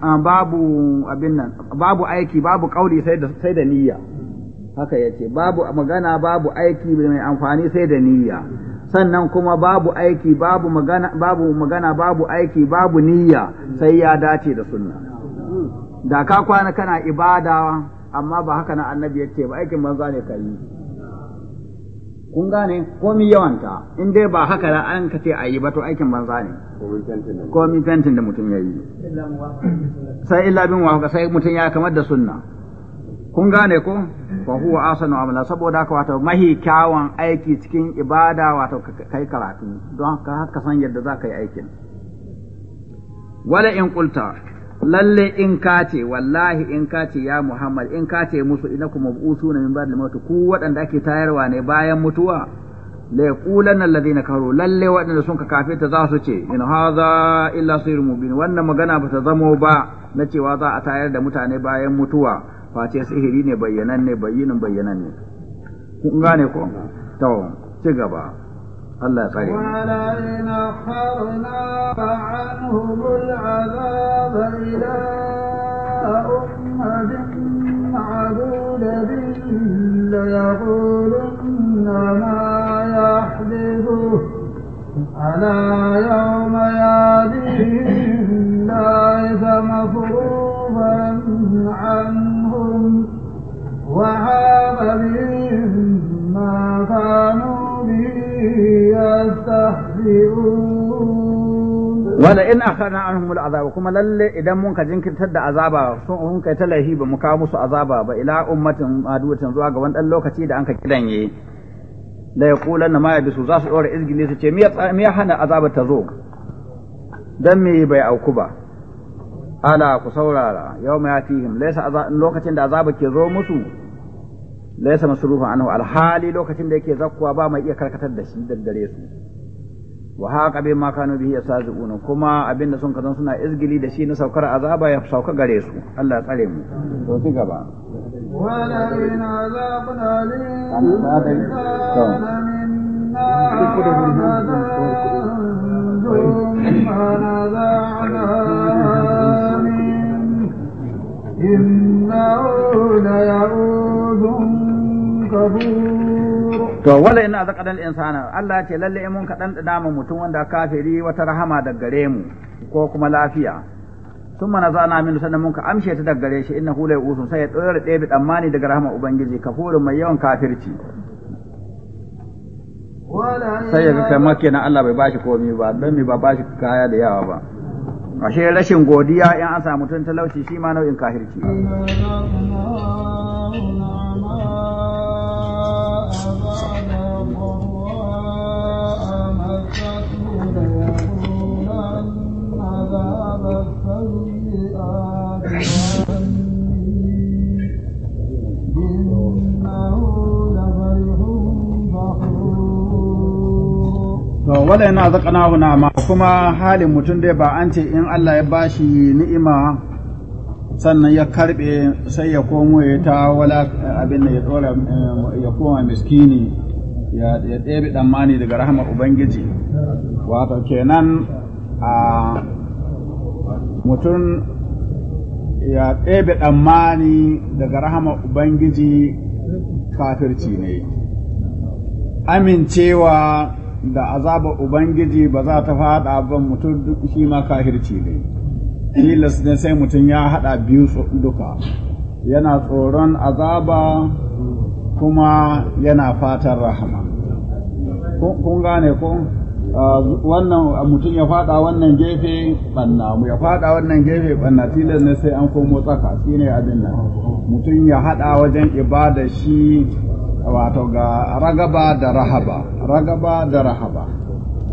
eh, babu abin nan babu aiki babu kauli sai da sai da niyya haka yace babu magana babu aiki mai amfani sai da niyya sannan kuma babu aiki babu magana babu magana babu aiki babu niyya sai ya dace da sunna da ka kwana kana ibada amma ba haka na annabi yace ba aikin manzo ne kai kun gane komi yawanta in dai ba haka da an ka ce a yi ba to aikin banza ne komi fentin da mutum ya yi sai illa bin wa sai mutum ya kamar da sunna kun gane ko fa huwa asanu amala saboda haka wato mahi kyawun aiki cikin ibada wato kai karatu don haka san yadda za ka yi aikin wala in qulta lalle in ka ce wallahi in ka ce ya Muhammad in ka ce musu ina kuma busu na min ba da mautu ku waɗanda ake tayarwa ne bayan mutuwa la yaqulanna lalle waɗanda sun ka kafirta za su ce in haza illa sirrun mubin wannan magana ba ta zamo ba na cewa za a tayar da mutane bayan mutuwa face sihiri ne bayyananne bayyinin ne. kun gane ko to ci gaba الله يطيب ولئن أخرنا عنهم العذاب إلى أمة معدودة ليقولن ما يحدثه ألا يوم يأتيهم ليس مفروضا عنهم وعاب بهم ما كانوا wala in akhana anhum al'azab kuma lalle idan mun ka jinkirtar da azaba sun kai talahi ba mu kawo musu azaba ba ila ummatin aduwatin zuwa ga wani lokaci da an ka kidanye la yaqulanna ma yabisu za su dora izgini su ce me ya hana azaba ta zo dan me bai auku ba ala ku saurara yau yawma yatihim laysa lokacin da azaba ke zo musu laysa masrufan anhu alhali lokacin da yake zakkuwa ba mai iya karkatar da shi da dare su wa haqa bi ma kanu bihi yasaziquna kuma abinda sun kazan suna izgili da shi na saukar azaba ya sauka gare su Allah tsare mu to ci gaba To wala ina zaka dan insana Allah ce lalle in mun ka da mu mutum wanda kafiri wata rahama da gare mu ko kuma lafiya sun mana za na minu sannan mun ka amshe ta daga gare shi inna na usun sai ya tsore ɗebe tsammani daga rahama ubangiji kafurin mai yawan kafirci sai ya fi kai Allah bai bashi komi ba don mi ba bashi kaya da yawa ba ashe rashin godiya in an samu tun talauci shi ma nau'in kahirci to wala yana zakanahu na ma kuma halin mutum dai ba an ce in Allah ya bashi ni'ima sannan ya karbe sai ya komo ya ta wala abin da ya dora eh, ya koma miskini ya ɗebe mani daga rahama ubangiji wato kenan a mutum ya ɗebe tsammani daga rahama ubangiji kafirci ne amincewa da azabar ubangiji ba za ta faɗa ba mutum shi ma kahirci ne tilas ne sai mutum ya haɗa biyu duka yana tsoron azaba kuma yana fatan rahama kun gane ko ah, wannan mutum ya fada wannan gefe banna mu ya fada wannan gefe banna tilas ne sai an komo tsaka shine abin nan mutum ya hada wajen ibada shi wato ga ragaba da rahaba ragaba da rahaba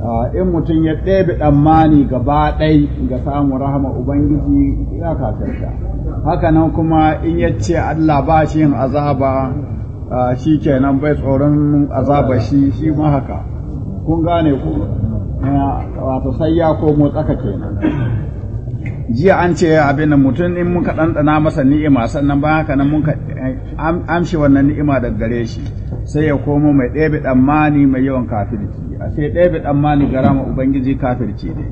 ah, in mutum ya ɗebe tsammani gaba ɗai ga samun rahama ubangiji ya kafirta haka nan kuma in ya ce allah ba shi yin azaba ah, shi kenan bai tsoron azaba shi shi ma haka kun gane ku ah, wato sai ya komo tsaka kenan jiya an ce abin da mutum in muka ɗanɗana masa ni'ima sannan ba haka nan muka eh, amshi wannan ni'ima daga gare shi sai ya komo mai ɗebe ɗammani mai yawan kafirci a ce ɗebe ɗammani gara ubangiji kafirci ne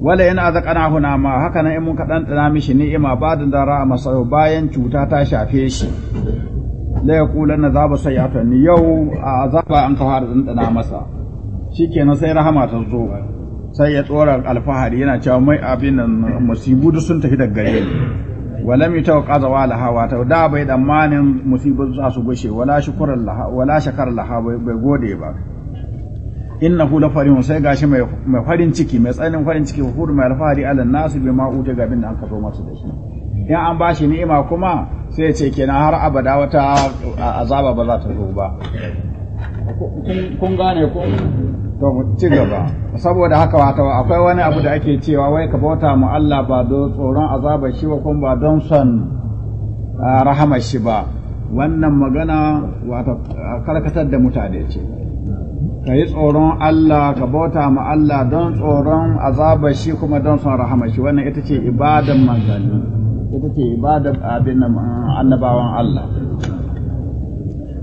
wala a zaƙana huna ma haka nan in muka ɗanɗana mishi ni'ima ba da dara a masau bayan cuta ta shafe shi la yaqulanna zaba sayyatan yau a zaba an kawo da ɗanɗana masa shikenan sai rahama ta zo sai ya tsora alfahari yana cewa mai abin nan musibu duk sun tafi daga gare ni walam yutawqa zawal hawa ta da bai manin musibu za su gushe wala shukran laha wala shakar laha bai gode ba innahu la farihun sai gashi mai farin ciki mai tsanin farin ciki hukur mai alfahari ala nasu bima uta ga bin da aka zo masa da shi in an bashi ni'ima kuma sai ya ce kenan har abada wata azaba ba za ta zo ba kun gane ko to mu ci gaba saboda haka wato akwai wani abu da ake cewa wai ka bauta mu Allah ba don tsoron azabar shi ba kuma ba don son ah, rahamar shi ba wannan magana wato karkatar da mutane ce ka yi tsoron Allah ka bauta mu Allah don tsoron azabar shi kuma don son rahamar shi wannan ita ce ibadan manzanni ita ce ibadan abin annabawan Allah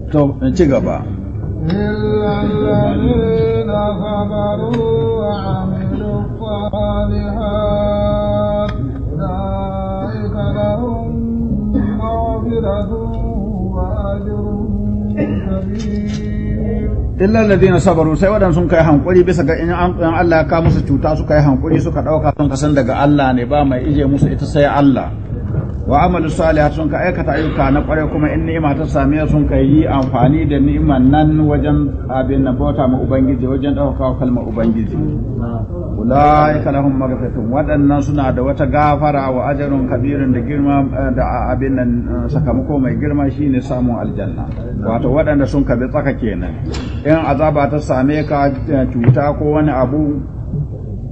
to ci gaba إلا الذين صبروا وعملوا sabaru sai wadan sun kai hankuri bisa ga in Allah ya ka musu cuta suka yi hankuri suka ɗauka sun kasan daga Allah ne ba mai ije musu ita sai Allah wa amalu salih sun ka aikata ayyuka na kware kuma in ni'ima ta same sun ka yi amfani da ni'iman nan wajen abin na bauta ma ubangiji wajen ɗaukaka kalma ubangiji ulaika lahum maghfiratun wadannan suna da wata gafara wa ajrun kabirin da girma da abin nan sakamako mai girma shine samu aljanna wato wadanda sun bi tsaka kenan in azaba ta same ka eh, cuta ko wani abu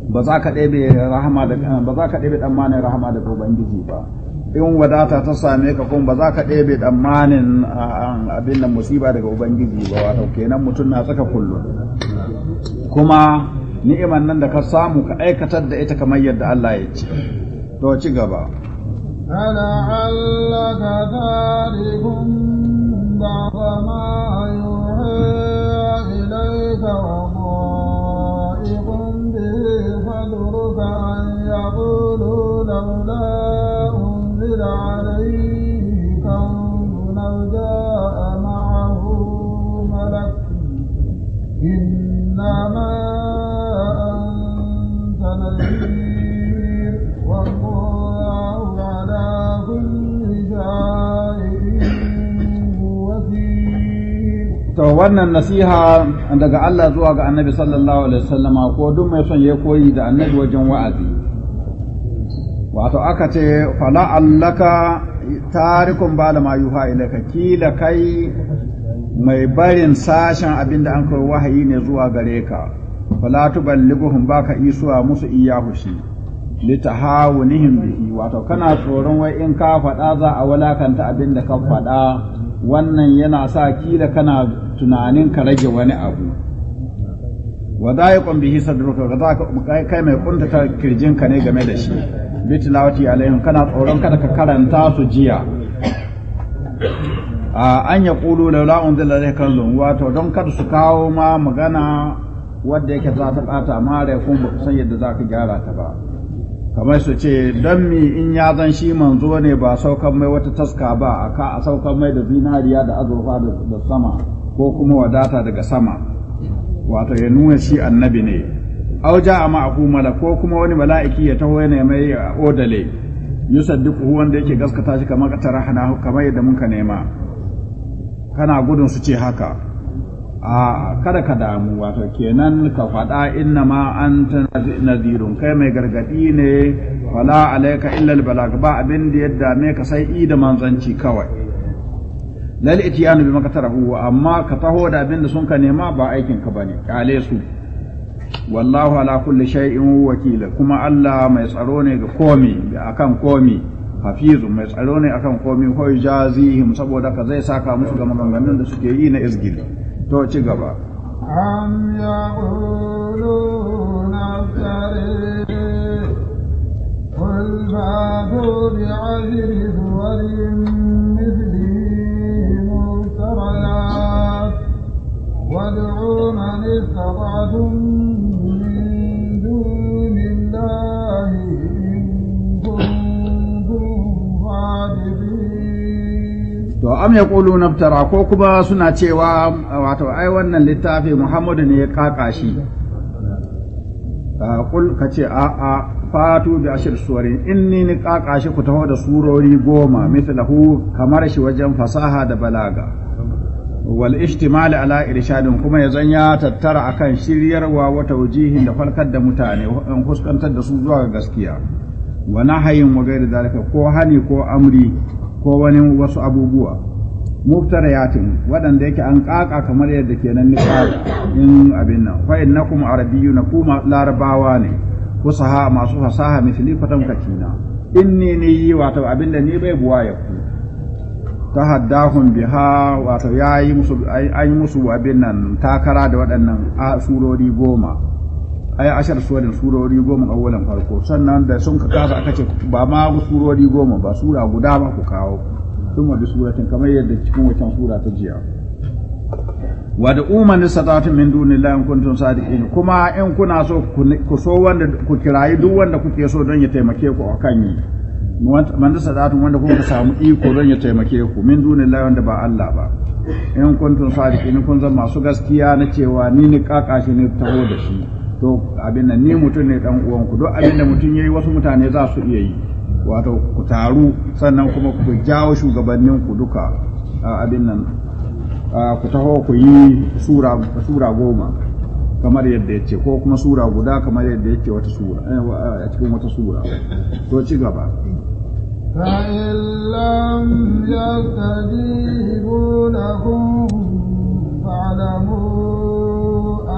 ba za ka ɗebe rahama da ba za ka rahama da ubangiji ba in wadata ta same ka kuma ba za ka ɗebe tsammanin abin nan musiba daga ubangiji ba wato kenan mutum na tsaka kullum kuma ni'iman nan da ka samu ka aikatar da ita kamar yadda Allah ya ce to ci gaba فلعلك تارك بعض ما يوحى إليك عليه كنز لو جاء معه ملك إنما أنت نذير والله على كل وكيل wannan nasiha daga Allah zuwa ga Annabi sallallahu alaihi wasallama ko duk mai son ya koyi da Annabi wajen wa'azi wato aka ce fala allaka tarikun ba da ila ilaka kila kai mai barin sashen abinda an kai wahayi ne zuwa gare ka fala tuballighuhum baka isuwa musu iyahu shi tahawunihim bihi wato kana tsoron wai in ka faɗa za a walakanta abinda ka faɗa wannan yana sa kila kana tunanin ka rage wani abu wa da'iqun bihi sadruka kai mai kuntata kirjinka ne game da shi bitilawati alaihim kana tsoron kada ka karanta su jiya A an ya ƙulu laula unzila alaihi kanzun wato don kada su kawo ma magana wadda yake za ta ɓata ma ya kun ba san yadda za ka gyara ta ba kamar su ce don mi in ya zan shi manzo ne ba saukan mai wata taska ba a ka a saukan mai da zinariya da azurfa da sama ko kuma wadata daga sama wato ya nuna shi annabi ne aw a ma'ahu mala ko kuma wani mala'iki ya taho yana mai uh, odale yusaddiqu wanda yake gaskata shi kamar katara hana kamar yadda mun ka nema kana gudun su ce haka a kada ka damu wato kenan ka faɗa inna ma anta nadirun kai mai gargadi ne wala alayka illa albalag ba abin da yadda me ka sai i da manzanci kawai lal itiyanu bi makatarahu amma ka taho da abin da sun ka nema ba aikin ka bane kale su wallahu ala kulli shay'in wakila kuma Allah mai tsaro ne ga komi akan komi hafizu mai tsaro ne akan komi ko jazihim saboda ka zai saka musu ga maganganun da suke yi na izgil to ci gaba am yaquluna tari ba'du min وادعوا من استطعتم من دون الله To am yaquluna naftara ko kuma suna cewa wato ai wannan littafin Muhammadu ne ya kaka shi. Kul ah, ka ce a'a fatu bi ashir suwari inni ni kaka shi ku taho da surori goma mislahu kamar shi wajen fasaha da balaga. wal ishtimal ala irshadin kuma ya zan ya tattara akan shiryarwa wata wajihin da farkar da mutane an fuskantar da su zuwa ga gaskiya wa nahayin wa gairi zalika ko hani ko amri ko wani wasu abubuwa muftariyatin waɗanda yake an ƙaƙa kamar yadda nan nifaq in abin nan fa innakum na kuma larabawa ne kusaha masu fasaha misali fatan na inni ni wato abinda ni bai buwa ya ku tahaddahum biha wato ya yi musu an yi musu abin nan takara da waɗannan a surori goma ai ashar suwarin surori goma awwalan farko sannan da sun ka kafa aka ce ba ma surori goma ba sura guda ba ku kawo sun wabi suratin kamar yadda cikin wancan sura ta jiya wa da umarni sadatun min dunillahi in kuntum sadiqin kuma in kuna so ku so wanda ku kirayi duk wanda kuke so don ya taimake ku akan yi man sadatu wanda kuka samu iko don ya taimake ku min dunin lai wanda ba Allah ba in kuntum ni kun zan masu gaskiya na cewa ni ne kakashi ne taho da shi to abin nan ni mutum ne dan uwan ku duk abin da mutum yayi wasu mutane za su iya yi wato ku taru sannan kuma ku jawo shugabannin ku duka abin nan ku taho ku yi sura sura goma kamar yadda ya ce ko kuma sura guda kamar yadda ya ce wata sura eh, a cikin wata sura to ci gaba فإن لم يستجيبوا لهم فاعلموا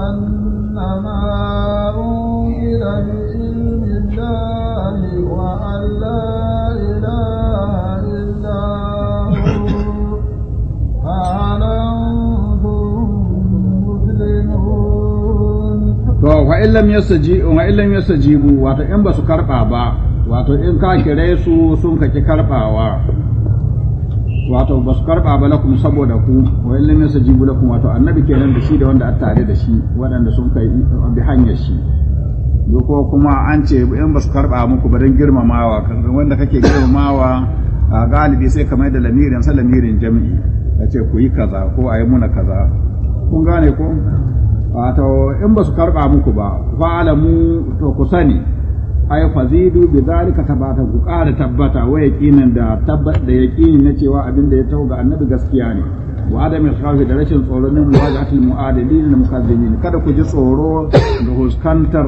أنما أنزل بعلم الله وأن لا إله إلا هو فأنتم مسلمون. To, wa'in lam yasta jibu, wa'in lam yasta jibu, wato in ba su karɓa ba, wato in ka kire su sun kaki karbawa wato ba su karba ba lakum saboda ku wa illam yasajibu lakum wato annabi kenan da shi da wanda an tare da shi waɗanda sun kai bi hanyar shi ko kuma an ce in ba su karba muku ba don girmamawa wanda kake girmamawa a galibi sai kamar da lamirin sa lamirin jami'i ya ce ku yi kaza ko a yi muna kaza kun gane ko wato in ba su karba muku ba fa'alamu to ku sani ai fazidu bi zalika tabata ku qara tabbata wa yaqinan da tabbata da yaqini na cewa abin da ya tawo ga annabi gaskiya ne wa adam al da rashin tsoro ne muwajahatul mu'adilin da mukazzimin kada ku ji tsoro da huskantar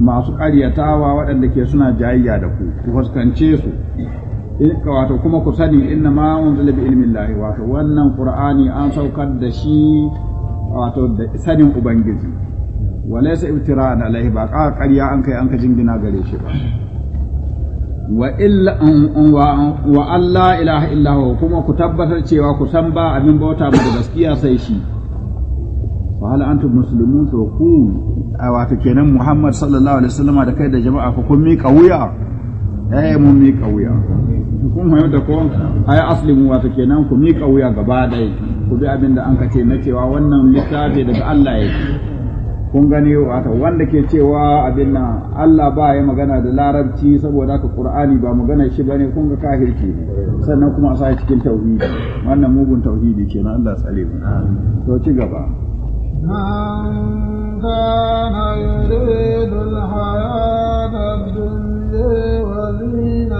masu ƙaryatawa waɗanda ke suna jayayya da ku ku huskance su wato kuma ku sani inna ma unzila bi ilmi llahi wato wannan qur'ani an saukar da shi wato da sanin ubangiji walaysa ibtira'an alaihi ba ka ƙarya an kai an ka jingina gare shi ba wa illa wa Allah ilaha illahu kuma ku tabbatar cewa ku san ba abin bauta ba da gaskiya sai shi wa hal antum muslimun to ku A wato kenan Muhammad sallallahu alaihi wasallama da kai da jama'a ku kun miƙa wuya eh mun miƙa wuya kun mai da ko ai aslimu wato kenan ku miƙa wuya gaba ɗaya ku bi abin da an ka ce na cewa wannan littafi daga Allah yake kun gani wata wanda ke cewa abin nan Allah ba ya magana da larabci saboda ka Qur'ani ba magana shi bane kun ga kafirci ne sannan kuma a sa cikin tauhidi wannan mugun tauhidi kenan Allah tsare mu to ci gaba كان يريد الحياة الدنيا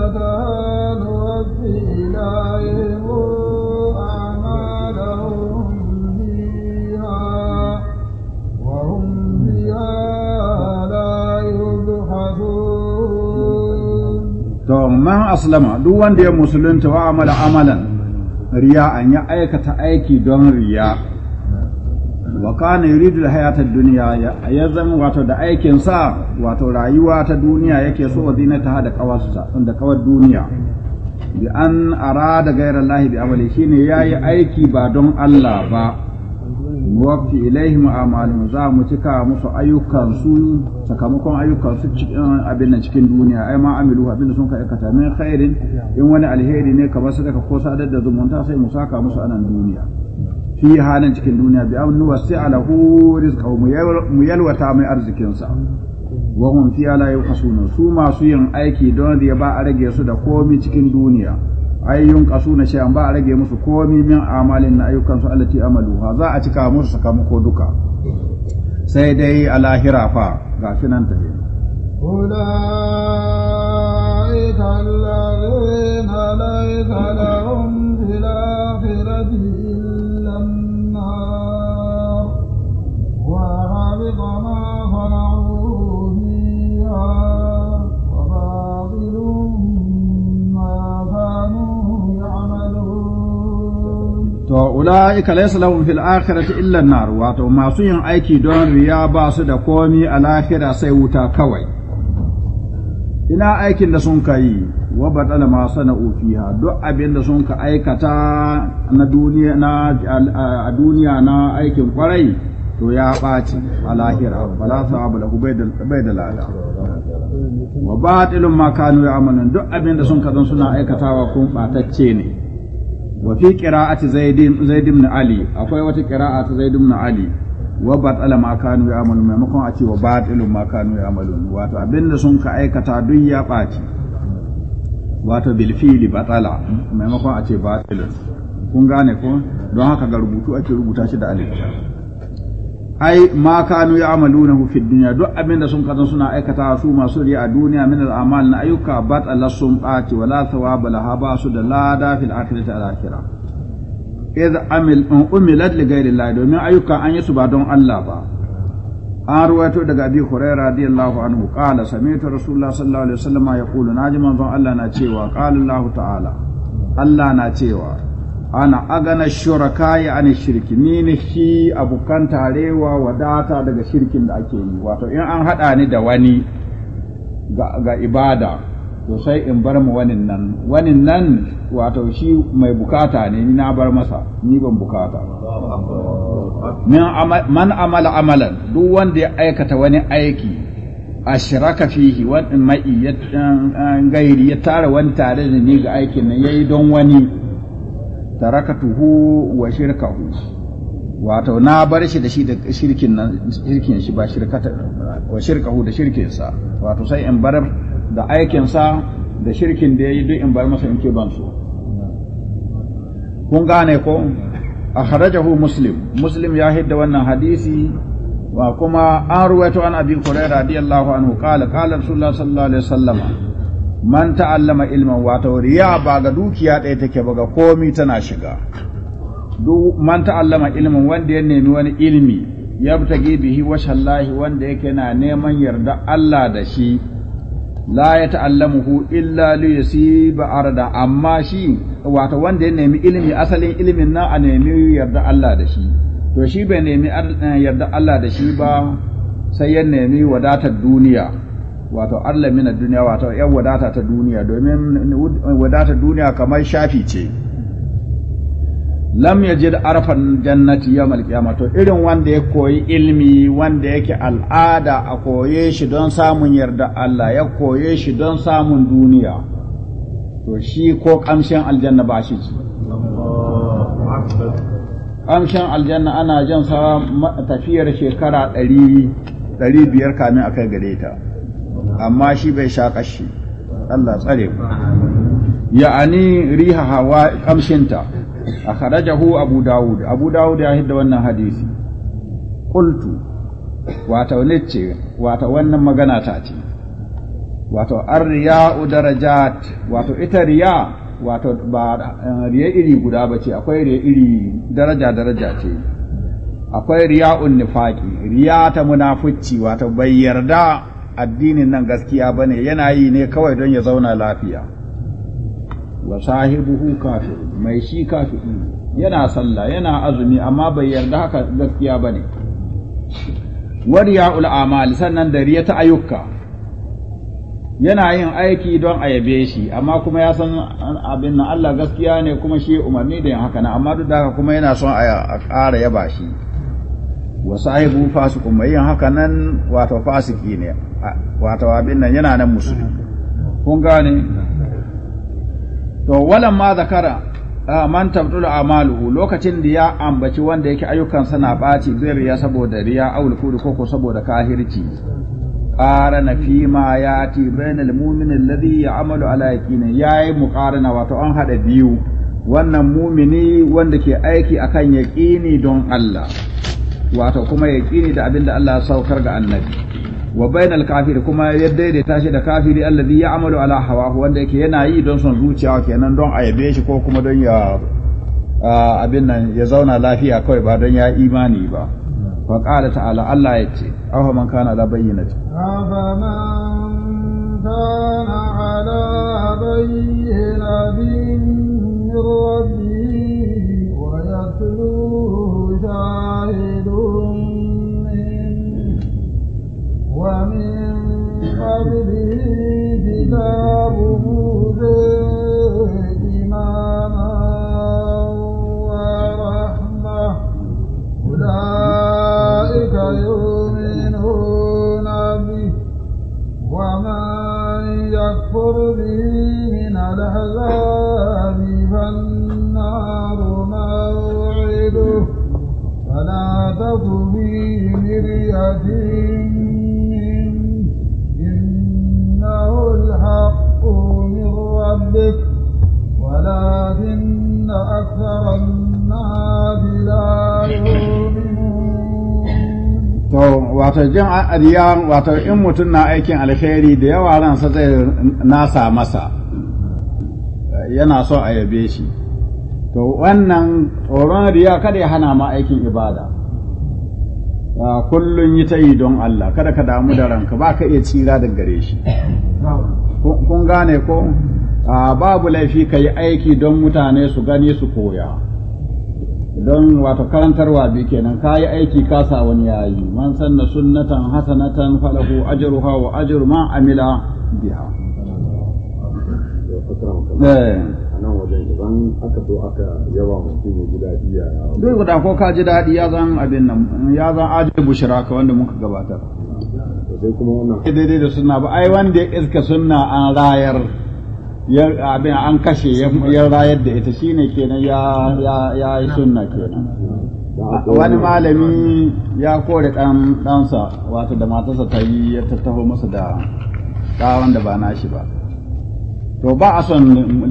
to man aslama duk wanda ya musulunta wa amala amalan riya an ya aikata aiki don riya wa kana yuridu ad dunya ya zama wato da aikin sa wato rayuwa ta duniya yake so zinata da kawarsa da kawar duniya bi an arada ghayra allahi bi amali shine yayi aiki ba don Allah ba wafi ilaihi ma'amalin za mu cika musu ayyukan su sakamakon ayyukan su cikin abin nan cikin duniya ai ma amilu abin da sun ka aikata min khairin in wani alheri ne kamar sadaka ko sadar da zumunta sai mu saka musu anan duniya fi halin cikin duniya bi amnu wasi'a hu rizqahu mu yalwata mai arzikin sa wa hum fi ala su masu yin aiki don da ya ba a rage su da komi cikin duniya ay shi an ba a rage musu komi min amalin na ayyukan su allati amaluha za a cika musu sakamako duka sai dai a lahira fa gashi nan ta to ula'ika laysa lahum fil akhirati illa an-nar wato masu yin aiki don riya ba su da komi a lahira sai wuta kawai ina aikin da sun kai wa batala ma sana'u fiha duk abin da sun ka aikata na duniya na a duniya na aikin kwarai to ya ɓaci a lahira bala sawabu lahu bai da lada wa batilun ma kanu amanu duk abin da sun ka don suna aikatawa kun batacce ne wa fi qira'ati zaid zaid ibn ali akwai wata qira'a ta zaid ibn ali wa batala ma kanu ya'malun maimakon a ce wa batilu ma kanu ya'malun wato abinda sun ka aikata duk ya baci wato bil fili batala maimakon a ce batilun kun gane ko don haka ga rubutu ake rubuta shi da alif ai ma kanu ya'malunahu fid dunya duk abin da sun kazan suna aikata su masu riya a duniya min al'amal na ayyuka bat sun ati wala thawaba laha ba su da lada fil akhirati al akhirah idh amil um, umilat li ghairi allah domin ayyuka an yi su ba don Allah ba an ruwaito daga abi hurairah radiyallahu anhu qala sami'tu rasulullah sallallahu alaihi wasallam yaqulu naji manzon Allah na cewa qala allah ta'ala Allah na cewa ana agana shuraka'i an shirki ni ne shi abokan tarewa wadata daga shirkin da ake yi wato in an haɗa ni da wani ga ibada to sai in bar mu wani nan wani nan wato shi mai bukata ne ni na bar masa ni ban bukata man amala amalan duk wanda ya aikata wani aiki shiraka fihi wani mai gairi ya tara wani tare da ni ga aikin nan yayi don wani tarakatuhu wa shirkahu wato na bar shi da shi da shirkin nan shirkin shi ba shirkata wa shirkahu da shirkin sa wato sai in bar da aikin sa da shirkin da yayi duk in bar masa in ke ban su kun gane ko akhrajahu muslim muslim ya hidda wannan hadisi wa kuma an ruwaito an abi hurairah radiyallahu anhu qala qala rasulullah sallallahu alaihi wasallam man ta'allama ilman wato riya ba ga dukiya ɗaya take ba ga komi tana shiga duk man ta'allama ilman wanda ya nemi wani ilmi ya ta bihi shallahi wanda yake na neman yarda Allah da shi la ya ta'allamuhu illa li yusiba arda amma shi wato wanda ya nemi ilmi asalin ilmin na a nemi yarda Allah da shi to shi bai nemi eh, yarda Allah da shi ba sai ya nemi wadatar duniya wato Allah mina duniya wato yan wadata ta duniya domin wadata duniya kamar shafi ce lam yajid arfan jannati yawmal qiyamah to irin wanda ya koyi ilmi wanda yake al'ada a koye shi don samun yarda Allah ya koye shi don samun duniya to shi ko kamshin aljanna ba shi kamshin aljanna ana jin sa tafiyar shekara ɗari biyar kamin a kai gare ta amma shi bai sha kashi Allah tsare ku ya'ani riha hawa kamshinta akhrajahu abu Dawud. abu Dawud ya hidda wannan hadisi qultu wato nace wato wannan magana ta ce wato an riyau darajat wato ita riya wato ba eh, riya iri guda ba ce akwai riya iri daraja daraja ce akwai riya'un nifaqi riya ta munafici wato bai yarda addinin nan gaskiya ba ne yana yi ne kawai don ya zauna lafiya wa sahibuhu kafir mai shi kafiri yana sallah yana azumi amma bai yarda haka gaskiya ba ne wariya ul'amal sannan da riya ta ayyuka yana yin aiki don a yabe shi amma kuma ya san abin nan Allah gaskiya ne kuma shi umarni da yin haka na amma duk da haka kuma yana son a ƙara yaba shi wa sahibu fasikun mai yin haka nan wato fasiki ne wato abin nan yana nan musulmi kun gane to walan ma zakara man tabdul amaluhu lokacin da ya ambaci wanda yake ayyukan sana ɓaci zai riya saboda riya aul kudu koko saboda kahirci qara na fi ma yati bainal mu'min alladhi ya'malu ala yaqini yayi muqarana wato an hada biyu wannan mumini wanda ke aiki akan yaqini don Allah wato kuma ya kini da abinda Allah ya saukar ga annabi wa bainal kafiri kuma ya daidaita shi da kafiri alladhi ya'malu ala hawahu wanda yake yana yi don son zuciya kenan don a yabe shi ko kuma don ya abin nan ya zauna lafiya kawai ba don ya imani ba fa qala ta'ala Allah ya ce afa man kana ala bayyinati afa man kana ومن قبله كتاب موسى إماما ورحمة أولئك يؤمنون به ومن يكفر به من العذاب فالنار موعده فلا تك في مرية الحق من ربك ولكن أكثر الناس لا wato jama'a ariya wato in mutum na aikin alheri da yawa ransa zai nasa masa yana so a yabe shi to wannan tsoron riya kada ya hana ma aikin ibada kullum yi ta yi don Allah kada ka damu da ranka ba ka iya tsira da gare shi kun gane ko babu laifi ka yi aiki don mutane su gani su koya don wato karantarwa bi kenan ka yi aiki ka sa wani yayi man sanna sunnatan hasanatan falahu ajruha wa ajru Ma, amila biha eh. ya duk da ko ka ji daɗi ya zan abin nan ya zan ajiye bushira ka wanda muka gabatar sai kuma wannan daidai da sunna ba ai wanda ya iska sunna an rayar abin an kashe ya rayar da ita shine kenan ya ya yi sunna kenan wani malami ya kore dan dansa wato da matarsa ta yi ya tattaho masa da tsawon da ba nashi ba to ba a son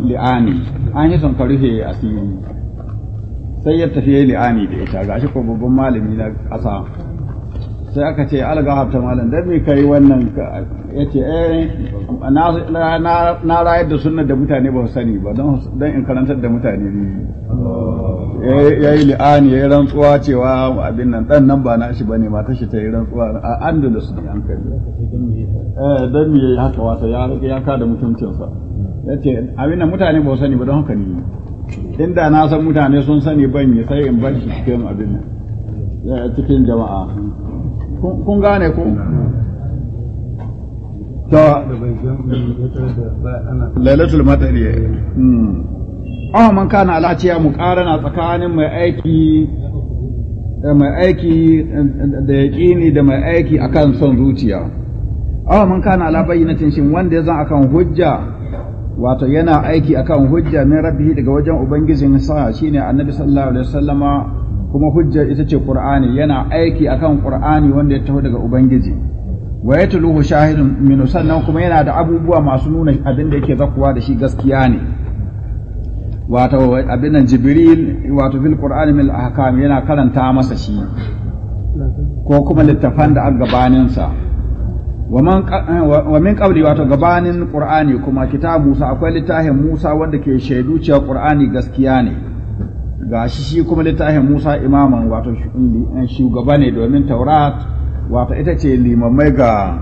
li'ani an yi son ka rufe asiri sai ya tafi li'ani da ita gashi ko babban malami na ƙasa sai aka ce alagawa hafta malam dan me kai wannan yace eh na rayar da sunnar da mutane ba su sani ba don in karantar da mutane ne yi li'ani ya yi rantsuwa cewa abin nan dan nan ba na shi ma ta shi ta yi rantsuwa a andalus ne an kai eh don me yi haka wata ya ka da mutuncinsa yace abin nan mutane ba su sani ba don haka ne inda na san mutane sun sani ban yi sai in bar shi cikin abin nan cikin jama'a kun gane ku ta lailatul matari hmm. awa ah, man kana alaciya mu karana tsakanin mai aiki mai aiki da ƙini da mai aiki akan son zuciya awa ah, man kana ala na shin wanda ya zan akan hujja wato yana aiki akan hujja min rabbihi daga wajen ubangijin sa shine annabi sallallahu alaihi wasallama kuma hujjar ita ce Qur'ani yana aiki akan Qur'ani wanda ya taho daga Ubangiji wa yatluhu shahidun min sannan kuma yana da abubuwa masu nuna abin da yake zakuwa da shi gaskiya ne wato abin nan Jibril wato fil Qur'ani mil ahkam yana karanta masa shi ko kuma littafan da an gabanin sa wa min qabli wato gabanin Qur'ani kuma kitabu sa akwai littafin Musa wanda ke shaidu cewa Qur'ani gaskiya ne ga shi shi kuma littafin Musa imaman wato eh, shugaba ne domin Taurat wato ita ce limamai ga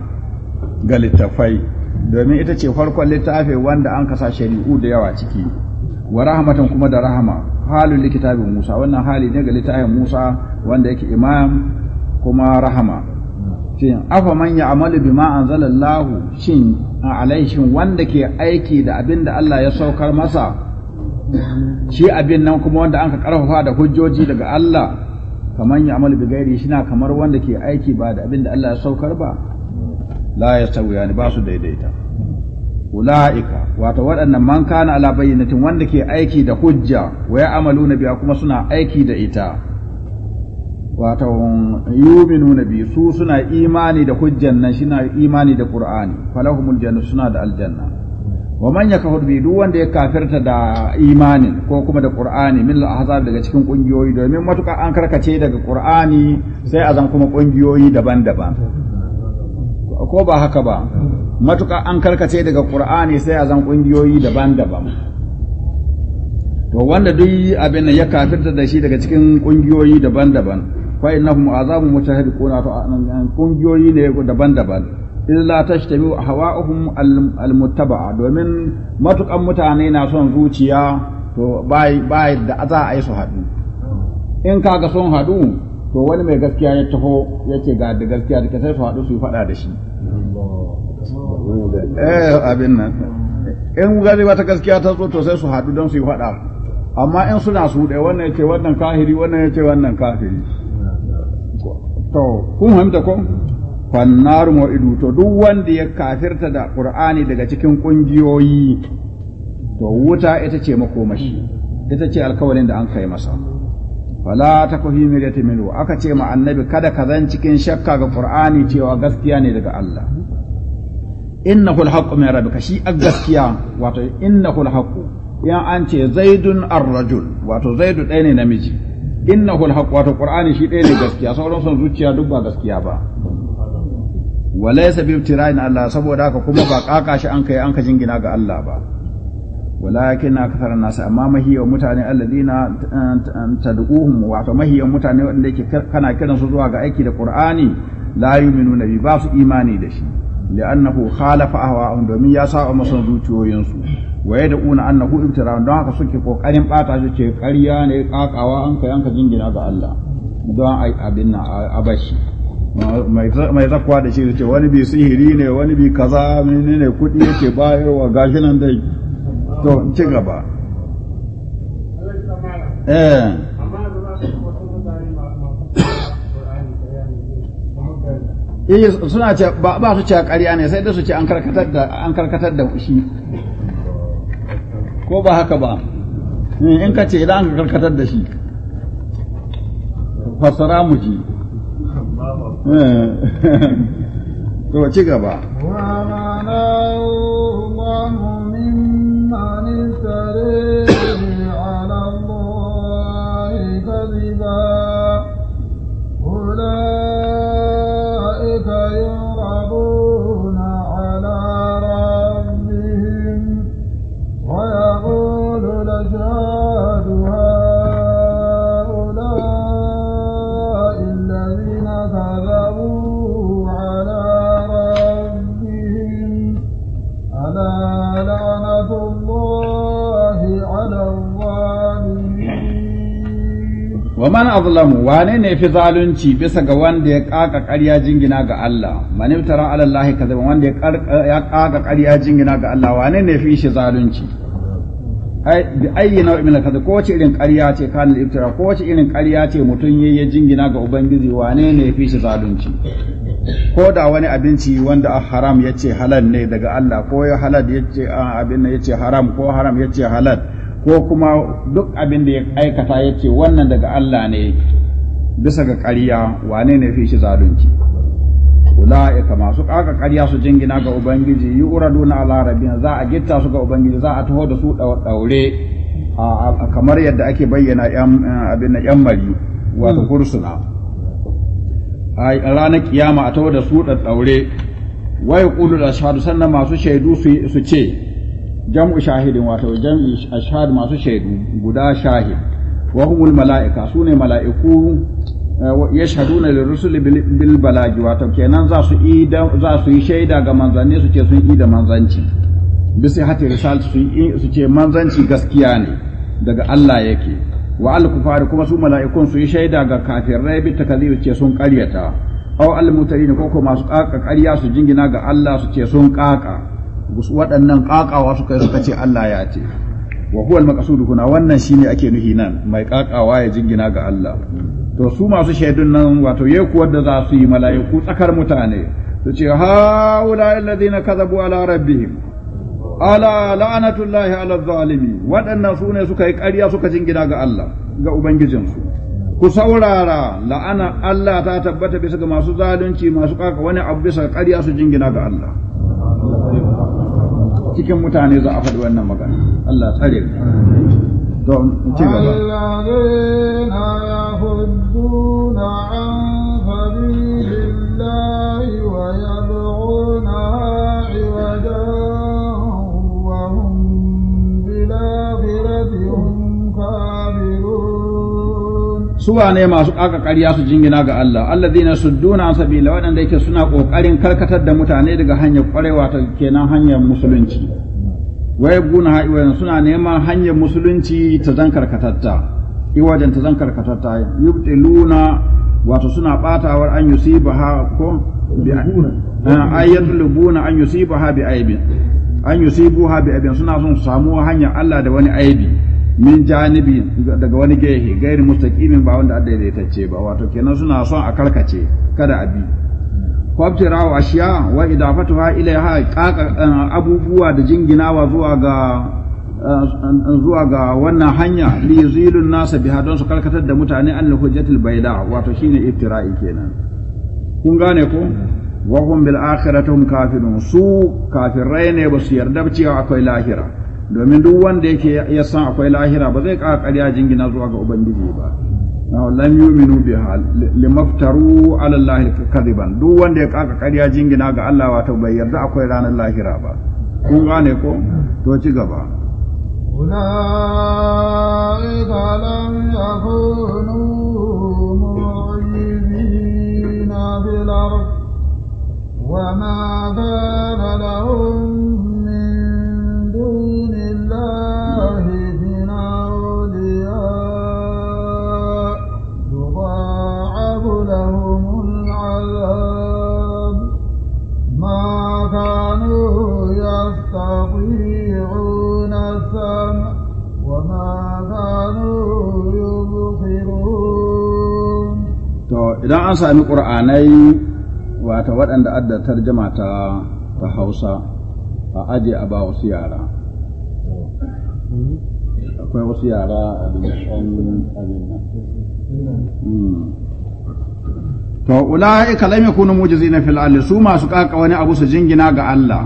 ga littafai domin ita ce farkon littafi wanda an kasa shari'u da yawa ciki wa rahmatan kuma da rahama halin likitabin Musa wannan hali ne ga littafin Musa wanda yake imam kuma rahama shin afa man ya'malu bima anzalallahu shin alaihi wanda ke aiki da abinda Allah ya saukar masa shi abin nan kuma wanda an ka karfafa da hujjoji daga Allah kamar ya amalu bigairi shi na kamar wanda ke aiki ba da abin da Allah ya saukar ba la ya sauya yani ba su daidaita ula'ika wato waɗannan man kana ala bayyinatin wanda ke aiki da hujja wa ya amalu na biya kuma suna aiki da ita wato yuminu na biyu su suna imani da hujjan nan shi na imani da qur'ani falahumul jannu suna da aljanna wa man yakfur bi duk wanda ya kafirta da imanin ko kuma da qur'ani min al-ahzab daga cikin kungiyoyi domin matuƙa an karkace daga qur'ani sai azan kuma kungiyoyi daban-daban ko ba haka ba matuƙa an karkace daga qur'ani sai azan kungiyoyi daban-daban to wanda duk abin ya kafirta da shi daga cikin kungiyoyi daban-daban fa innahum azabun mutahiquna to kungiyoyi ne daban-daban illa لا تشتبه al-muttaba'a domin matukan mutane na son zuciya to bai bai da za a yi su haɗu in kaga son haɗu to wani mai gaskiya ya taho ya ce ga da gaskiya da sai su haɗu su yi faɗa da shi eh abin nan in gari wata gaskiya ta zo to sai su haɗu don su yi faɗa amma in suna su ɗaya wannan ya ce wannan kafiri wannan ya ce wannan kafiri to kun hanta ko fannar Idu to duk wanda ya kafirta da qur'ani daga cikin kungiyoyi to wuta ita ce makomashi ita ce alkawalin da an kai masa Wala ta kuhi mirati minhu aka ce ma annabi kada ka zan cikin shakka ga qur'ani cewa gaskiya ne daga Allah innahu alhaqqu min rabbika shi a gaskiya wato innahu alhaqqu ya an ce zaidun ar-rajul wato zaidu ɗaya ne namiji innahu alhaqqu wato qur'ani shi ɗaya ne gaskiya sauran son zuciya duk ba gaskiya ba walaysa bi ibtira'in Allah saboda haka kuma ba kaka shi an kai an ka jingina ga Allah ba walakin kafara nasu amma mahiyar mutane alladina eh, tad'uhum wa fa mahiyar mutane wanda yake kana kiran su zuwa ga aiki da Qur'ani la yu'minu nabi ba su imani da shi li'annahu khalafa ahwa'ahum domin ya saba masa zuciyoyinsu wa yad'una annahu ibtira'un don haka suke kokarin bata shi ce ƙarya ne kakawa an kai an ka jingina ga Allah don abin na abashi mai zakwa da shi ce wani bi sihiri ne wani bi kaza ne ne kudi yake bayarwa gashi nan dai to ci gaba eh, eh suna ce ba su ce ƙarya ne sai da su ce an karkatar da an karkatar da shi ko ba haka ba eh, in ka ce idan an karkatar da shi fasara mu ji 嗯，给我这个吧。Thank [laughs] you. wa man azlamu wane ne fi zalunci bisa ga wanda ya kaka ƙarya jingina ga Allah man iftara ala Allah kadhiban wanda ya kaka ƙarya jingina ga Allah wane ne fi shi zalunci ai bi ayyi nau'in min kadhib ko wace irin ƙarya ce kan iftira ko wace irin ƙarya ce mutun yayi ya jingina ga ubangiji wane ne fi shi zalunci ko da wani abinci wanda haram yace halal ne daga Allah ko ya halal yace abin yace haram ko haram yace halal ko kuma duk abin da ya aikata ya ce wannan daga Allah ne bisa ga ƙarya wane ne fi shi zalunci ula'ika masu ƙaƙa ƙarya su jingina ga ubangiji yi uraduna ala rabbina za a gitta su ga ubangiji za a taho da su daure kamar yadda ake bayyana abin yan mari wato kursuna a ranar ƙiyama a taho da su daure wai ƙulu da shahadu sannan masu shaidu su ce jam'u shahidin wato jam'i ashhad masu shaidu guda shahid wa humul mala'ika sune mala'iku eh, yashhaduna lirrusul bil balagi wato kenan za su yi za su yi shaida ga manzanni su ce sun yi da manzanci bisa hati risal su ce manzanci gaskiya ne daga Allah yake wa al kufari kuma su mala'ikun su yi shaida ga kafirai bi takdhibi ce sun karyata aw al mutarin ko kuma su su jingina ga Allah su ce sun ƙaƙa? waɗannan ƙaƙawa suka suka ce Allah ya ce wa huwa al kuna wannan shine ake nuhi nan mai ƙaƙawa ya jingina ga Allah to su masu shaidun nan wato ye kuwa da za su yi mala'iku tsakar mutane su ce haula alladhina kadhabu ala rabbihim ala la'anatullahi ala zalimi waɗannan su ne suka yi ƙarya suka jingina ga Allah ga ubangijinsu ku saurara la'ana Allah ta tabbata bisa ga masu zalunci masu ƙaƙa wani abu bisa ƙarya su jingina ga Allah cikin mutane za a faɗi wannan magana Allah tsare to ci gaba su ne masu ƙaƙa ƙarya su jingina ga Allah zina sudduna an sabila waɗanda yake suna ƙoƙarin karkatar da mutane daga hanyar ƙwarewa ta kenan hanyar musulunci wai guna ha'iwayen suna neman hanyar musulunci ta zan karkatatta iwajen ta zan karkatatta yubtiluna wato suna batawar an ha ko bi Lubuna, an ha bi aibin an ha bi aibin suna son su samu hanyar Allah da wani aibi min janibi daga wani gehe gairi mustaqimin ba wanda daidaitacce ba wato kenan suna son a karkace kada a bi kwabtirawa ashiya wa idafatuha ha kaka eh, abubuwa da jinginawa zuwa ga eh, zuwa ga wannan hanya li yuzilun nasa biha don su karkatar da mutane an hujjatul bayda wato shine iftira'i kenan kun gane ko wa hum bil akhirati kafirun su kafirai ne ba su yarda ba cewa akwai lahira domin duk wanda yake ya san akwai lahira ba zai kawo karya jingina zuwa ga ubangiji ba Na lam yu'minu biha limaftaru ala allahi kadiban duk wanda ya kawo karya jingina ga Allah ta bai yarda akwai ranar lahira ba kun gane ko to ci gaba idan an sami ƙur'anai wata waɗanda adda tarjama ta ta hausa a aje a ba wasu yara akwai wasu yara a abin nan hmm. to ula'ika kalami yakunu mujizina na ardi su masu ƙaƙa wani abu su jingina ga Allah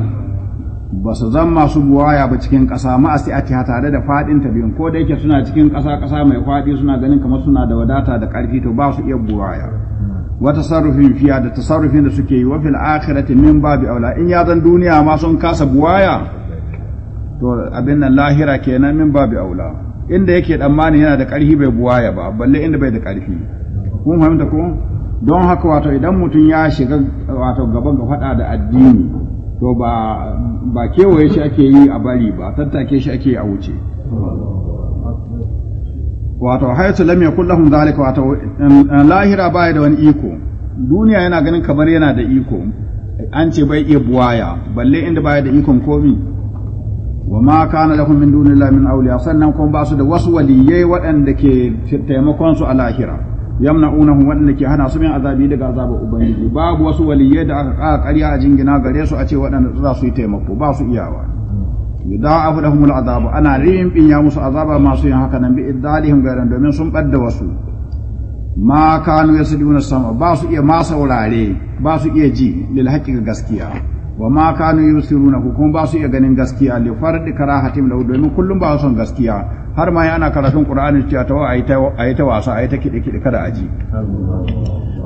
ba su zan masu buwaya ba cikin ƙasa ma a tare da faɗin ta biyun ko da yake suna cikin ƙasa ƙasa mai faɗi suna ganin kamar suna da wadata da ƙarfi to ba su iya buwaya wa tasarrufin fiya da tasarrufin da suke yi wa fil akhirati min babi aula in ya zan duniya ma sun kasa buwaya to abin nan lahira kenan min babi aula inda yake mani yana da ƙarfi bai buwaya ba balle inda bai da ƙarfi kun fahimta ko don haka wato idan mutum ya shiga wato gaban ga faɗa da addini to ba ba kewaye shi ake yi a bari ba tattake shi ake yi a wuce wato haitu lam yakul lahum zalika wato lahira baya da wani iko duniya yana ganin kamar yana da iko an ce bai iya buwaya balle inda baya da ikon komi wa ma kana lahum min dunillahi min awliya sannan kuma ba su da wasu waliyai waɗanda ke taimakon a lahira yamna'unahu waɗanda ke hana su min azabi daga azabar ubangiji babu wasu waliyai da aka ƙara ƙarya a jingina gare su a ce waɗanda za su yi taimako ba su iyawa yudha'afu lahumul al'adab ana rimbin ya musu azaba masu yin haka nan bi iddalihim gairan domin sun badda wasu ma kanu yasduna sama ba su iya ma saurare ba su iya ji lil haqqi gaskiya wa ma kanu yusiruna ku kuma ba su iya ganin gaskiya li fardi karahatim lahu domin kullum ba son gaskiya har ma yana karatun qur'ani cewa ta ayi ta wasa ayi ta kidi kidi kada aji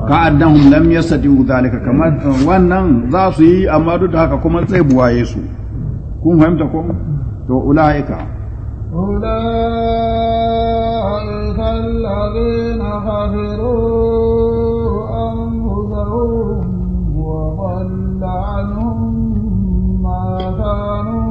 ka annahum lam yasadu zalika kamar wannan za su yi amma duk haka kuma sai buwaye su kun fahimta ko to ulaika أولئك الذين خسروا أنفسهم وضل عنهم ما كانوا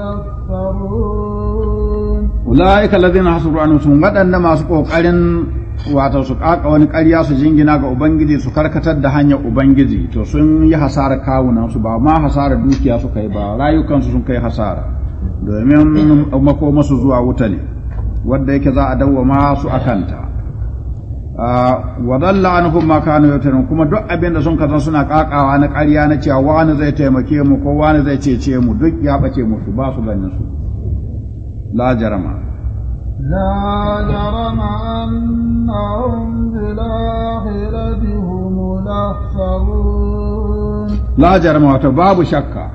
يفترون أولئك الذين خسروا أنفسهم قد أنما سقوا قرن wato su kaka wani ƙarya su jingina ga ubangiji su karkatar da hanyar ubangiji to sun yi hasara kawunan su ba ma hasara dukiya su kai ba rayukansu sun kai hasara domin makoma su zuwa wuta ne wadda yake za a dawwama su akanta wadalla an anhum ma kanu yaftarun kuma duk abin da sun kazan suna kakawa na ƙarya na cewa wani zai taimake mu ko wani zai cece mu duk ya bace musu ba su ganin su la jarama La jarama wato babu shakka, الأخسرون لا جرم وتباب شكا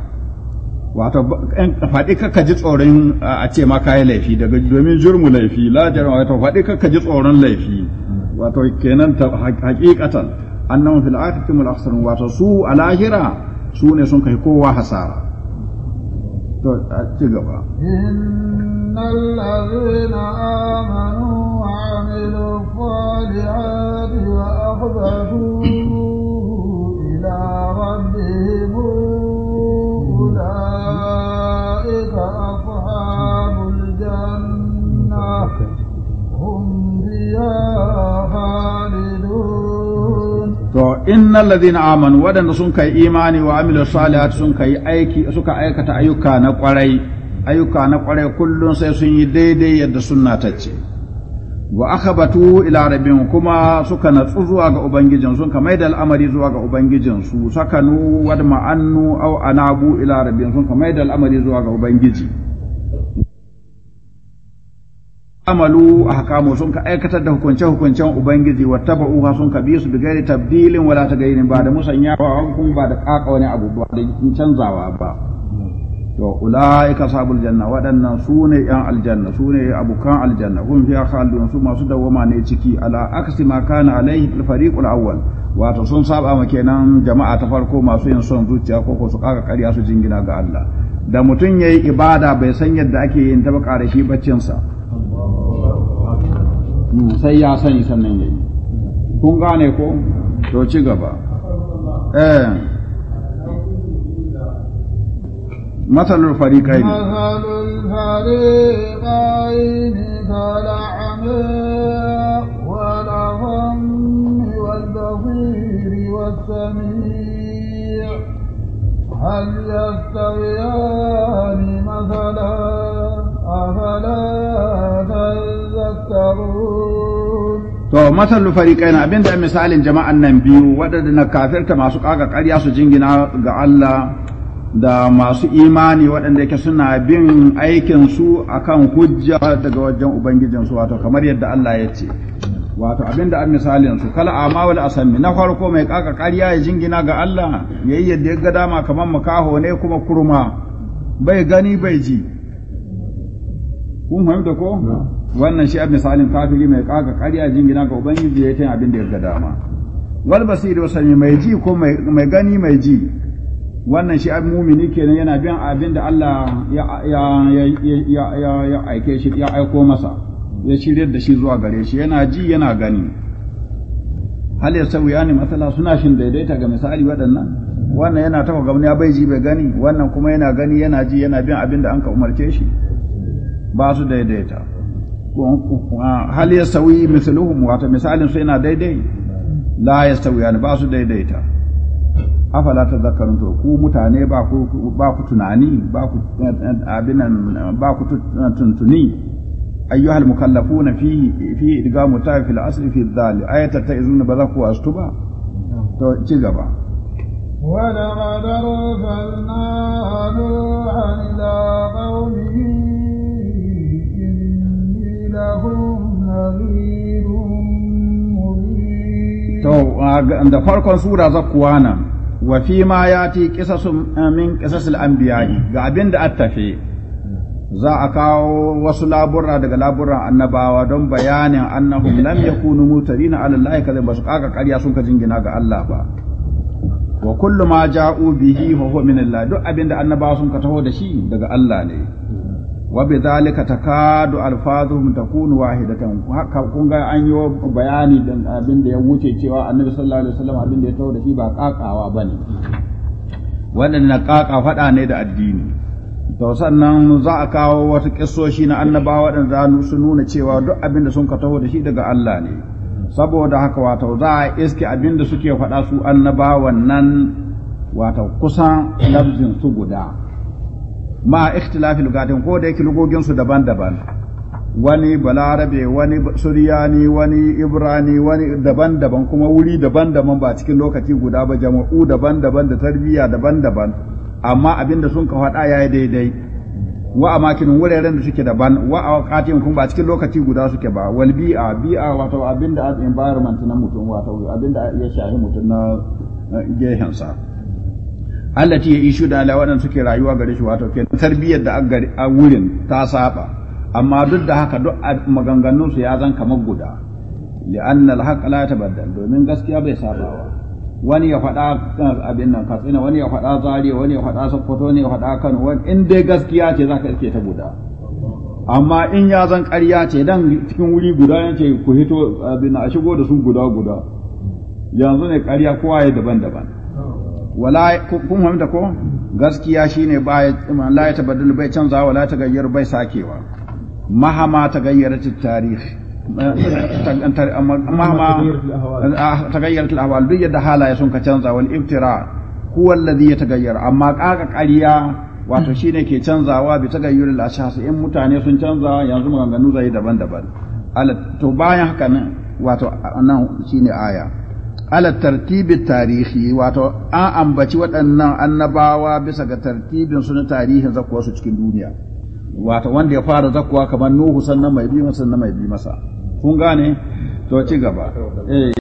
wato faɗi kaka ji tsoron a ce ma kayi laifi daga domin jurmu laifi jarama wato faɗi kaka ji tsoron laifi wato kenan ta hakikatan annan fil akhirati mul akhsarun wato su a lahira su ne sun kai kowa hasara to a ci gaba الذين آمنوا وعملوا الصالحات وأخبتوا إلى ربهم أولئك أصحاب الجنة هم فيها خالدون to innal ladina amanu wadanda sun imani wa amilu salihati sun kai aiki suka aikata ayyuka na kwarai ayyuka na ƙwarai kullum sai sun yi daidai yadda sunna ta ce wa akhabatu ila rabbihim kuma suka natsu zuwa ga ubangijin sun kamar da al'amari zuwa ga ubangijin su sakanu wad ma'annu aw anabu ila rabbihim sun kamar da al'amari zuwa ga ubangiji amalu hakamu sun ka aikatar da hukunce hukuncen ubangiji wa tabauha sun ka bi su bigari tabdilin wala tagayyin ba da wa kun ba da kaka wani abu ba da canzawa ba to ulaika sabul janna waɗannan su ne yan aljanna su ne abukan aljanna hum fiya khalidun su masu dawwama ne ciki ala aksi ma kana alaihi al fariqul awwal wato sun saba ma kenan jama'a ta farko masu yin son zuciya ko ko su kaga ƙarya su jingina ga Allah da mutum yayi ibada bai san yadda ake yin ta ba ƙara shi baccin sa hmm, sai ya sani sannan yayi kun gane ko to ci gaba eh مثل الفريقين مثل الفريقين كالأعمى والأغم والبصير والسميع هل يستويان مثلا أفلا تذكرون To, masallu fariƙai na abinda misalin jama'an nan biyu waɗanda na kafirta masu ƙaga ƙarya su jingina ga Allah da masu imani waɗanda yake suna bin aikinsu akan hujja daga wajen ubangijinsu wato kamar yadda Allah ya ce wato abinda an misalin su kala ama asami na farko mai kaka ƙarya ya jingina ga Allah yayi yadda ya ga dama kamar makaho ne kuma kurma bai gani bai ji kun fahimta ko wannan shi abin misalin kafiri mai kaka ƙarya ya jingina ga ubangiji ya yi abin da ya ga dama wal basir wasami mai ji ko mai gani mai ji wannan shi abin mumini kenan yana bin abin da Allah ya aike shi ya aiko masa ya shiryar da shi zuwa gare shi yana ji yana gani hal ya sauya yani matsala suna shin daidaita ga misali waɗannan wannan yana tafa gamni ya bai ji bai gani wannan kuma yana gani yana ji yana bin abin da an ka umarce shi ba su daidaita ah, hal ya sauyi misaluhum wata misalin su yana daidai la ya sauya ba su daidaita afala ta zakarun to ku mutane ba ku ba ku tunani ba ku abinan ba ku tuntuni ayyuhal mukallafuna fi fi idgamu ta fi al-asl fi dhal ayata ta izun ba za ku wasu ba to ci gaba ولقد أرسلنا نوحا إلى قومه إني لهم نذير da farkon sura فرق سورة wa fi ma yati qisasun eh, min qisasil anbiya'i ga abin da tafe za a kawo wasu labura daga laburan annabawa don bayanin annahum lam [laughs] yakunu mutarina ala Allah kaza ba su kaka ƙarya sun ka jingina ga Allah ba wa kullu ma ja'u bihi fa min Allah duk abin da annabawa sun ka taho da shi daga Allah ne wa bi takadu alfazuhum takunu wahidatan haka kun ga an yi bayani dan abin da ya wuce cewa annabi sallallahu alaihi wasallam abin da ya tawo da shi ba kakawa bane waɗannan kaka fada ne da addini to sannan za a kawo wasu kissoshi na annabawa waɗanda su nuna cewa duk abin da sun ka taho da shi daga Allah ne saboda haka wato za a iske abin da suke faɗa su annabawan nan wato kusan lafzin su guda ma ikhtilafi lugatin ko da yake lugogin su daban-daban wani balarabe wani suriyani wani ibrani wani daban-daban kuma wuri daban-daban ba cikin lokaci guda ba jama'u daban-daban da tarbiyya daban-daban amma abinda sun ka faɗa yayi daidai wa amakin wuraren da suke daban wa awakatin kuma ba cikin lokaci guda suke ba wal bi'a bi'a wato abinda environment na mutum wato abinda ya shahi mutum na gehensa allati ya ishu da ala waɗanda suke rayuwa gare shi wato ke tarbiyyar da a wurin ta saba amma duk da haka duk maganganun su ya zan kamar guda li'anna al-haqq la tabaddal domin gaskiya bai sabawa wani ya faɗa abin nan katsina wani ya faɗa zariya wani ya faɗa sokoto wani ya faɗa kano wani in dai gaskiya ce zaka iske ta guda amma in ya zan ƙarya ce dan cikin wuri guda yace ku hito abin a shigo da su guda guda yanzu ne ƙarya kowa ya daban-daban wala kun fahimta ko gaskiya shine ba la ya tabaddalu bai canzawa wala ta gayyar bai sakewa mahama ta gayyar tarihi mahama ta gayyar ah, ahwal duk yadda halaye sun ka canza wal iftira huwa alladhi yatagayyar amma kaka ƙarya wato shine ke canzawa bi tagayyur al ashas in mutane sun canza yanzu maganganu zai daban-daban to bayan haka nan wato nan shine aya ala tartibi tarihi wato an ambaci waɗannan annabawa bisa ga tartibin su na tarihin zakuwa su cikin duniya wato wanda ya fara zakuwa kamar nuhu sannan mai bi masa sannan mai bi masa kun gane to ci gaba eh.